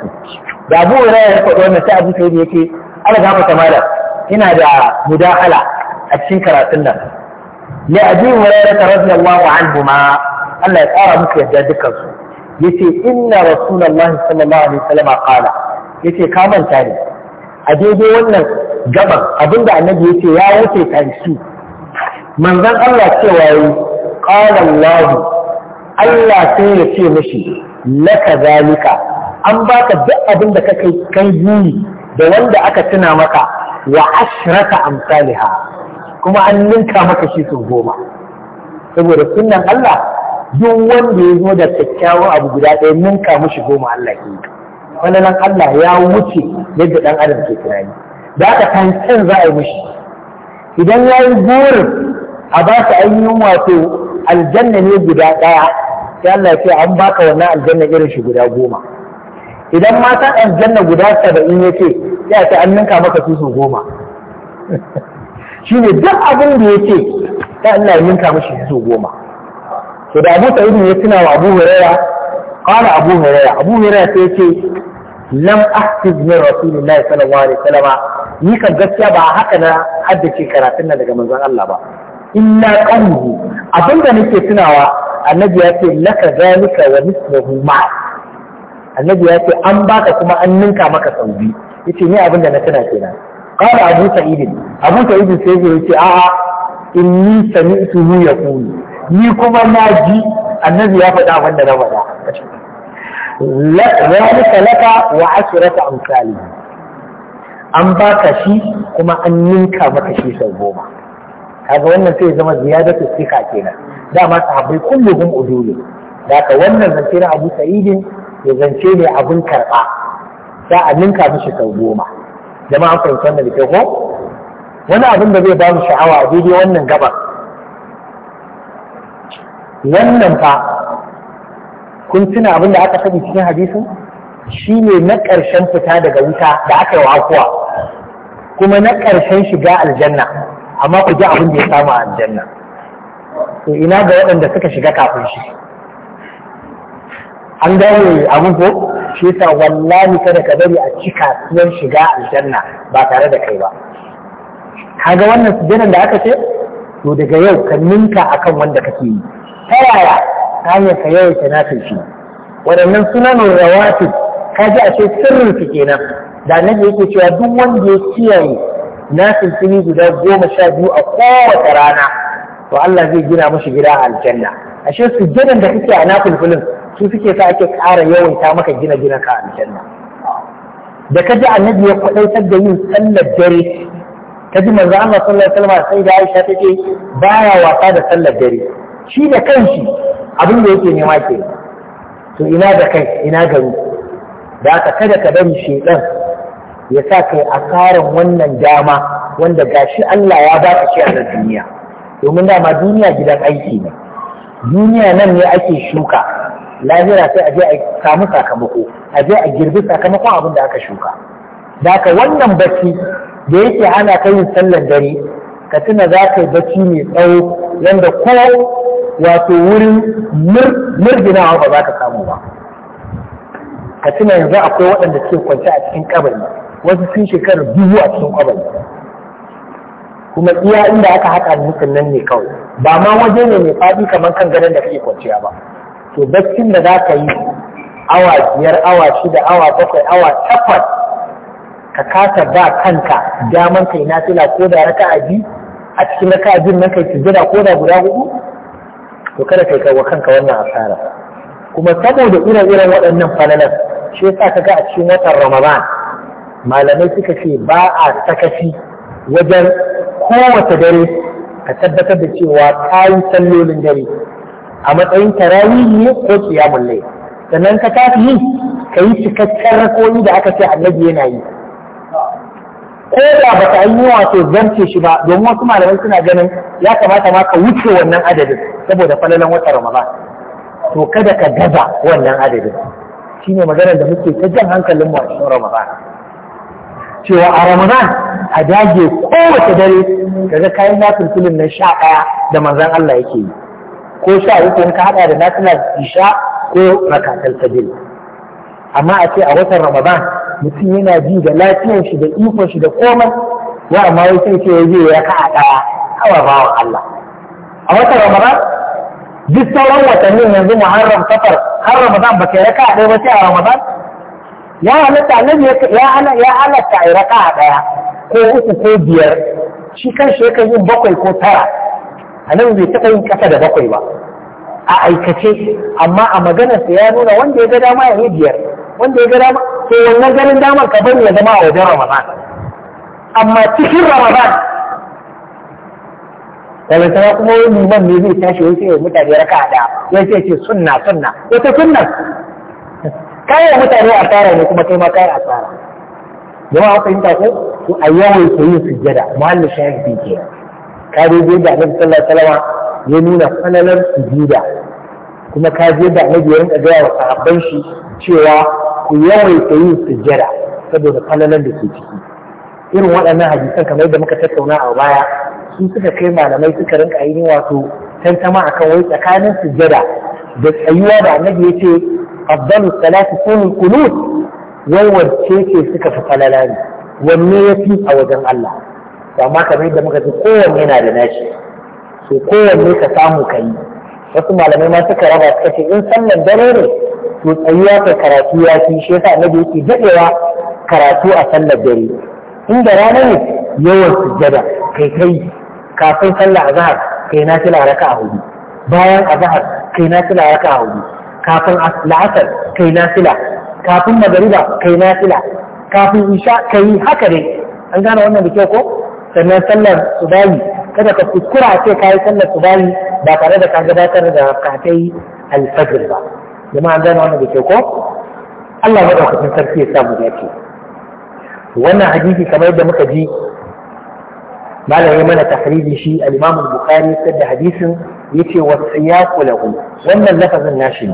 da abu wani ya faɗi wannan sai abu sai da yake ala ina da mudahala a cikin karatun nan ne abi hurairah radiyallahu anhu ma Allah ya tsara muku yadda dukkan su yace inna rasulullahi sallallahu alaihi wasallam qala yace ka manta ne a daidai wannan gaban abinda annabi yace ya wuce tarihi manzon Allah cewa yayi qala Allah Allah sai ya ce mishi laka zalika an baka duk abin da ka kai kai da wanda aka tuna maka wa ashraka amsalha kuma an ninka maka shi sun goma saboda sunan Allah duk wanda ya zo da kyakkyawan abu guda ɗaya ninka mushi goma Allah ke yi wannan Allah ya wuce yadda ɗan adam ke tunani da aka tantan za a yi mishi idan ya yi burin a ba su ainihin wato aljanna ne guda ɗaya sai Allah ce an baka wannan aljanna irin shi guda goma idan matan aljanna guda saba'in ya ce sai a ce an ninka maka su su goma shi ne duk abin da ya ce sai Allah ya ninka mashi su goma to da Abu Sa'id ya tuna wa Abu Hurairah qala Abu Hurairah Abu Hurairah sai ya ce lam ahfiz min rasulillahi sallallahu alaihi wasallam ni kan gaskiya ba haka na haddace karatun nan daga manzon Allah ba illa qawluhu abinda nake tunawa annabi ya ce laka zalika wa mithluhu ma annabi ya ce an baka kuma an ninka maka sau biyu yace ni abinda na tuna kenan qala abu sa'id abu sa'id sai ya ce a'a inni hu yaqulu ni kuma na ji annabi ya faɗa wanda na faɗa zalika laka wa asrata amsalihi an baka shi kuma an ninka maka shi sau goma kaga wannan sai zama ziyadatu sika kenan dama sahabbai kulluhum udulu daga wannan zance na Abu Sa'idin ya zance ne abin karba za a ninka mishi sau goma jama'a kun san da ke ko wani abin da zai ba mu sha'awa a daidai wannan gaba wannan fa kun tuna abin da aka faɗi cikin Shi ne na ƙarshen fita daga wuta da aka yi wa kuma na ƙarshen shiga aljanna amma ku ji abin da ya samu a aljanna to ina ga waɗanda suka shiga kafin shi an gane abin ko shi ta wallahi kada ka bari a ci kasuwar shiga aljanna ba tare da kai ba kaga wannan sujjadan da aka ce to daga yau ka ninka akan wanda kake yi ta yaya ta hanyar ka yawaita nafin shi waɗannan sunanin rawatib ka ji a ce sirrin su kenan da annabi yake cewa duk wanda ya kiyaye na filfili guda goma sha biyu a kowace rana to Allah zai gina mashi gida a aljanna ashe su gidan da kake a na su suke sa ake ƙara yawaita maka gina gina ka aljanna da ka ji annabi ya kwadaitar da yin sallar dare ka ji manzo Allah sallallahu alaihi wasallam sai da Aisha take baya wasa da sallar dare shi da kanshi abin da yake nema ke to ina da kai ina gari da aka kada ka bari shedan ya sa yi asaran wannan dama wanda gashi Allah ya ba ka shi a duniya domin dama duniya gidan aiki ne duniya nan ne ake shuka lahira sai a je a samu sakamako a je a girbi sakamakon abin da aka shuka da wannan bacci da yake hana ka yin sallar dare ka tuna za ka yi bacci mai tsawo yadda ko wato wurin murginawa ba za ka samu ba ka tuna yanzu akwai waɗanda suke kwance a cikin kabari wasu sun shekarar dubu a cikin kwabari kuma iya inda aka haɗa mutum nan ne kawai ba ma waje ne mai faɗi kamar kan gadon da kake kwanciya ba to baccin da za ka yi awa biyar awa shida awa bakwai awa takwas ka kasa ba kanka daman kai na fila ko da raka a a cikin raka a biyu kai sujada ko da guda hudu to kada kai kawo kanka wannan asara kuma saboda irin iren waɗannan fananan shi ka ga a cikin watan ramadan malamai suka ce ba a sakaci wajen kowace dare ka tabbatar da cewa kayi sallolin dare a matsayin tarawihi ne ko kiyamun lai sannan ka tafi yi ka yi cikakken rakoyi da aka ce annabi yana yi ko da ba ta yi wato zance shi ba domin wasu malamai suna ganin ya kamata ma ka wuce wannan adadin saboda falalan wata ramadan to kada ka gaza wannan adadin shine maganar da muke ta jan hankalin mu a cikin ramadan cewa a ramadan a dage kowace dare kaga kayan nafilfilin na sha ɗaya da manzan Allah yake yi ko sha uku in ka haɗa da nafilar isha ko rakatar sabil amma a ce a watan ramadan mutum yana ji da lafiyar shi da ikon shi da komai ya amma wai sai ce yaje ya ka a ɗaya hawa bawan Allah a watan ramadan duk sauran watannin yanzu muharram safar har ramadan ba kai raka ɗaya ba sai a ramadan ya halatta annabi ya halatta a raka daya ko uku ko biyar shi kan shi yin bakwai ko tara a nan bai taɓa yin ƙasa da bakwai ba a aikace amma a maganarsa ya nuna wanda ya ga dama ya yi biyar wanda ya ga dama to wannan ganin damar ka bari ya zama a wajen ramadan amma cikin ramadan daga sana kuma wani liman ne zai tashi wai sai mutane raka da ya ce ce sunna sunna wata sunna kayan mutane asara ne kuma kai ma asara jama'a fahimta ko to a yawan su yin sujjada muhallin shahidi ke ka dai da annabi sallallahu alaihi ya nuna falalar sujjada kuma ka je da annabi ya rinka gaya wa sahabban shi cewa ku yawaita yin sujjada saboda falalar da ke ciki irin waɗannan hadisan kamar da muka tattauna a baya su suka kai malamai suka rinka yi wato tantama akan wai tsakanin sujjada da tsayuwa da annabi ya ce afdalu salati sunan qunut wai ce suka fi falala ne wanne yafi a wajen Allah to amma kamar yadda muka ji kowanne na da nashi so kowanne ka samu ka wasu malamai ma suka raba suka ce in sallar dare ne to tsayuwa ka karatu ya fi shi yasa annabi yake dadewa karatu a sallar dare inda rana ne yawan sujjada kai kai kafin sallar azhar kai na tila raka'a hudu bayan azhar kai na tila raka'a hudu كافن العصر كي ناسلة كافن مغربة كي ناسلة كافن عشاء كي هكذا أن كان وانا بكيوكو سنة سلة سباي كذا كفكرة كي كاي سلة سباي باقرة دا كان جباتر دا الفجر با لما أن كان وانا بكيوكو الله مدعو من سرسي السلام بيكي وانا حديثي كما يبدأ مكجي ما لا يمنى تحريب شيء الإمام البخاري سد حديثا يتي وصياك لهم وانا اللفظ الناشئ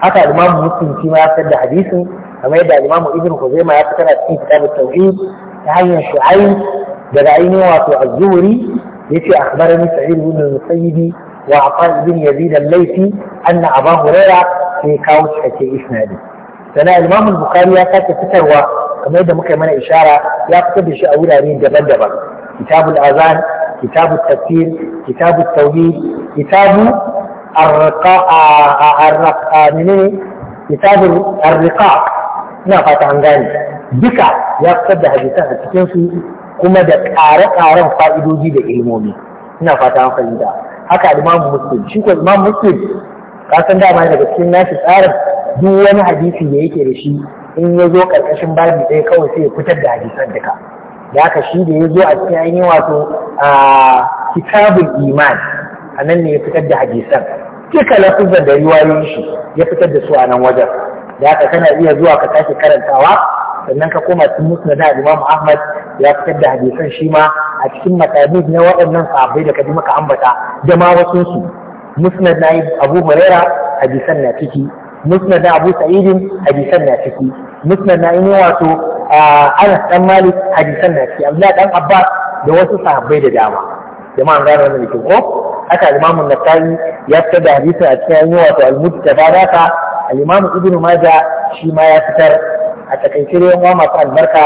haka imam muslim shi ma ya fitar da hadisin kamar yadda imam ibn huzaima ya fitar a cikin kitabut tauhid ta hanyar shu'aib daga ainihin wato az-zuhri yace akhbarani sa'id ibn al-musayyib wa ata ibn yazid al-laythi anna aba hurairah sai kawo cikakken isnadi sana imam al-bukhari ya sake fitarwa kamar yadda muka yi mana ishara ya fitar da shi a wurare daban-daban kitabul azan kitabut tafsir kitabut tauhid kitabu kitabun arriqa ina fata an gane duka ya fitar da hadisan a cikinsu, kuma da ƙare-ƙaren fa'idoji da ilmomi ina fata an fahimta haka imam muslim shi ko imam muslim ka san dama daga cikin nashi tsarin duk wani hadisi da yake da shi in ya zo ƙarƙashin babi ɗaya kawai sai ya fitar da hadisan duka da haka shi da ya zo a cikin ainihin wato a kitabul iman a nan ne ya fitar da hadisan duka lafizan da riwayoyin shi ya fitar da su a nan wajen da haka kana iya zuwa ka tashi karantawa sannan ka koma cikin musu da Imam Ahmad ya fitar da hadisan shi ma a cikin matabid na waɗannan sahabbai da ka kaji maka ambata da ma wasu su musnad na Abu Huraira hadisan na ciki musnad na Abu Sa'id hadisan na ciki musnad na ne wato Anas dan Malik hadisan na ciki Abdullah dan Abbas da wasu sahabbai da dama jama'an gano wannan ko haka al nasai ya fitar da hadisi a cikin hanyar wato al-Muttabaraka al-Imam Ibn Majah shi ma ya fitar a takaice dai wa masu albarka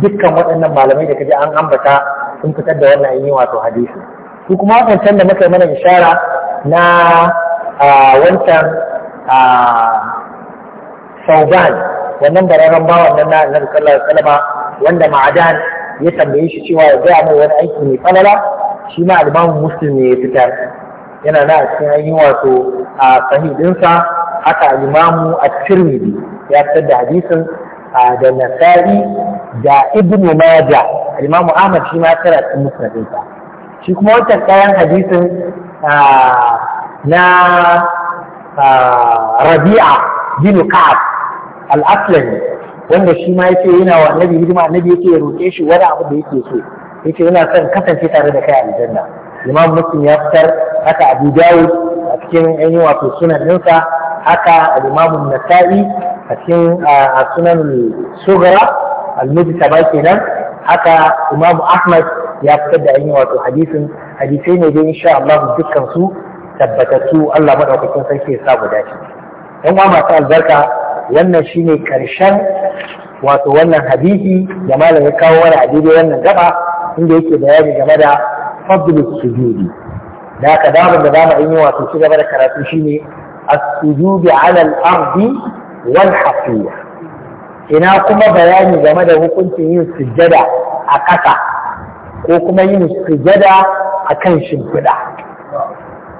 dukkan waɗannan malamai da je an ambata sun fitar da wannan hanyar wato hadisi su kuma wancan da muka yi mana ishara na wancan Sauban wannan bararren bawan nan na Annabi sallallahu wanda ma'adan ya tambaye shi cewa ya gaya mai wani aiki mai falala shi ma al musulmi ya fitar yana na a cikin an yi wato a sahih dinsa haka al tirmidhi ya fitar da hadisin da Nasa'i da Ibn maja al-Imam Ahmad shi ma tara cikin musulminsa. shi kuma wancan kayan hadisin na Rabi'a bin Ka'ab al-Aslami wanda shi ma yake yana wa annabi hidima annabi yake roƙe shi wani abu da yake so yace ina son kasance tare da kai a aljanna imam muslim ya fitar haka abu dawud a cikin ainihin wato sunan ɗinsa haka al-imam nasa'i a cikin sunan sugara al-mujtaba kenan haka imam ahmad ya fitar da ainihin wato hadisin hadisai ne dai insha Allah dukkan su tabbatattu Allah madaukakin sarki ya sa mu dan uwa masu albarka wannan shine karshen wato wannan hadisi da malamin ya kawo wani a daidai wannan gaba inda yake bayani game da fadlus sujudi da aka damar da zamu yi wato ci gaba da karatu shine as-sujudi 'ala al-ardi wal hafiya ina kuma bayani game da hukuncin yin sujada a ƙasa ko kuma yin sujada a kan shimfiɗa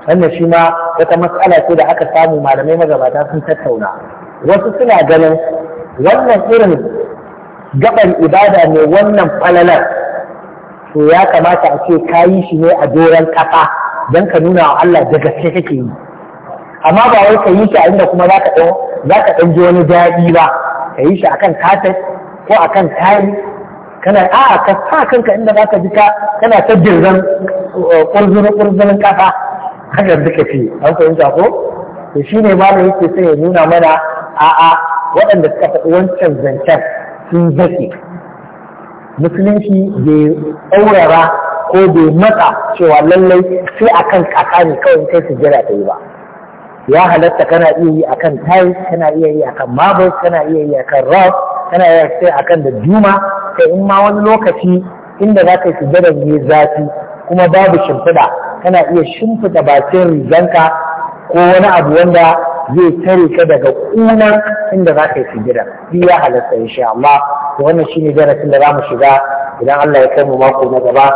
wannan shi ma wata matsala ce da aka samu malamai magabata sun tattauna wasu suna ganin wannan irin gaban ibada ne wannan falalar to ya kamata a ce ka yi shi ne a doron kafa don ka nuna wa Allah da gaske kake yi amma ba wai ka yi shi a inda kuma za ka ɗan za ka ɗan ji wani daɗi ba ka yi shi akan kaset ko akan kayan kana a'a ka sa kanka inda za ka ji ka kana ta jirgin ƙurzurin kafa haka yanzu ka fi an fahimta ko to shine malam yake sai ya nuna mana a'a waɗanda suka faɗi wancan zancen sun zaki musulunci bai tsaurara ko bai matsa cewa lallai sai akan kaka ne kawai kai jira ta yi ba ya halatta kana iya yi akan tiles kana iya yi akan marbles kana iya yi akan rock kana iya sai akan da juma sai in ma wani lokaci inda za ka yi sujjada ne zafi kuma babu shimfiɗa kana iya shimfiɗa bakin riganka ko wani abu wanda zai tare ka daga kunan inda za ka yi sujjada duk ya halatta insha Allah to wannan shine darasin da za mu shiga idan Allah ya kai mu mako na gaba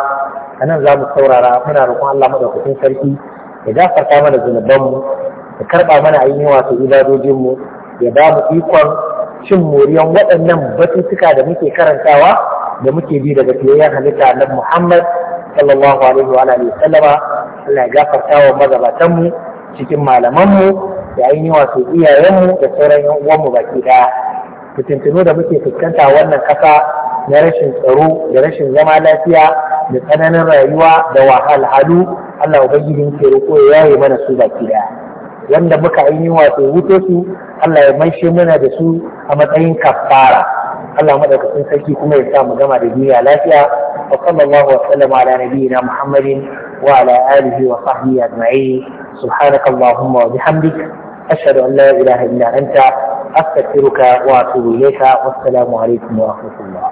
anan za mu saurara muna roƙon Allah madaukakin sarki ya gafarta mana zunubanmu ya karɓa mana ainihin wato mu. ya ba mu ikon cin moriyan waɗannan batutuka da muke karantawa da muke bi daga fiyayyen halitta na Muhammad sallallahu alaihi wa alihi sallama Allah ya gafarta wa mu cikin malamanmu da ainihin wato iyayenmu da sauran yan uwanmu baki daya fitintinu da muke fuskanta wannan kasa na rashin tsaro da rashin zama lafiya da tsananin rayuwa da wahalhalu Allah gini ke roƙo ya yaye mana su baki daya wanda muka ainihin wato wuto su Allah ya maishe mana da su a matsayin kafara Allah madaukakin sarki kuma ya sa mu gama da duniya lafiya wa sallallahu wa sallama ala nabiyyina Muhammadin وعلى آله وصحبه أجمعين سبحانك اللهم وبحمدك أشهد أن لا إله إلا أنت أستغفرك وأتوب إليك والسلام عليكم ورحمة الله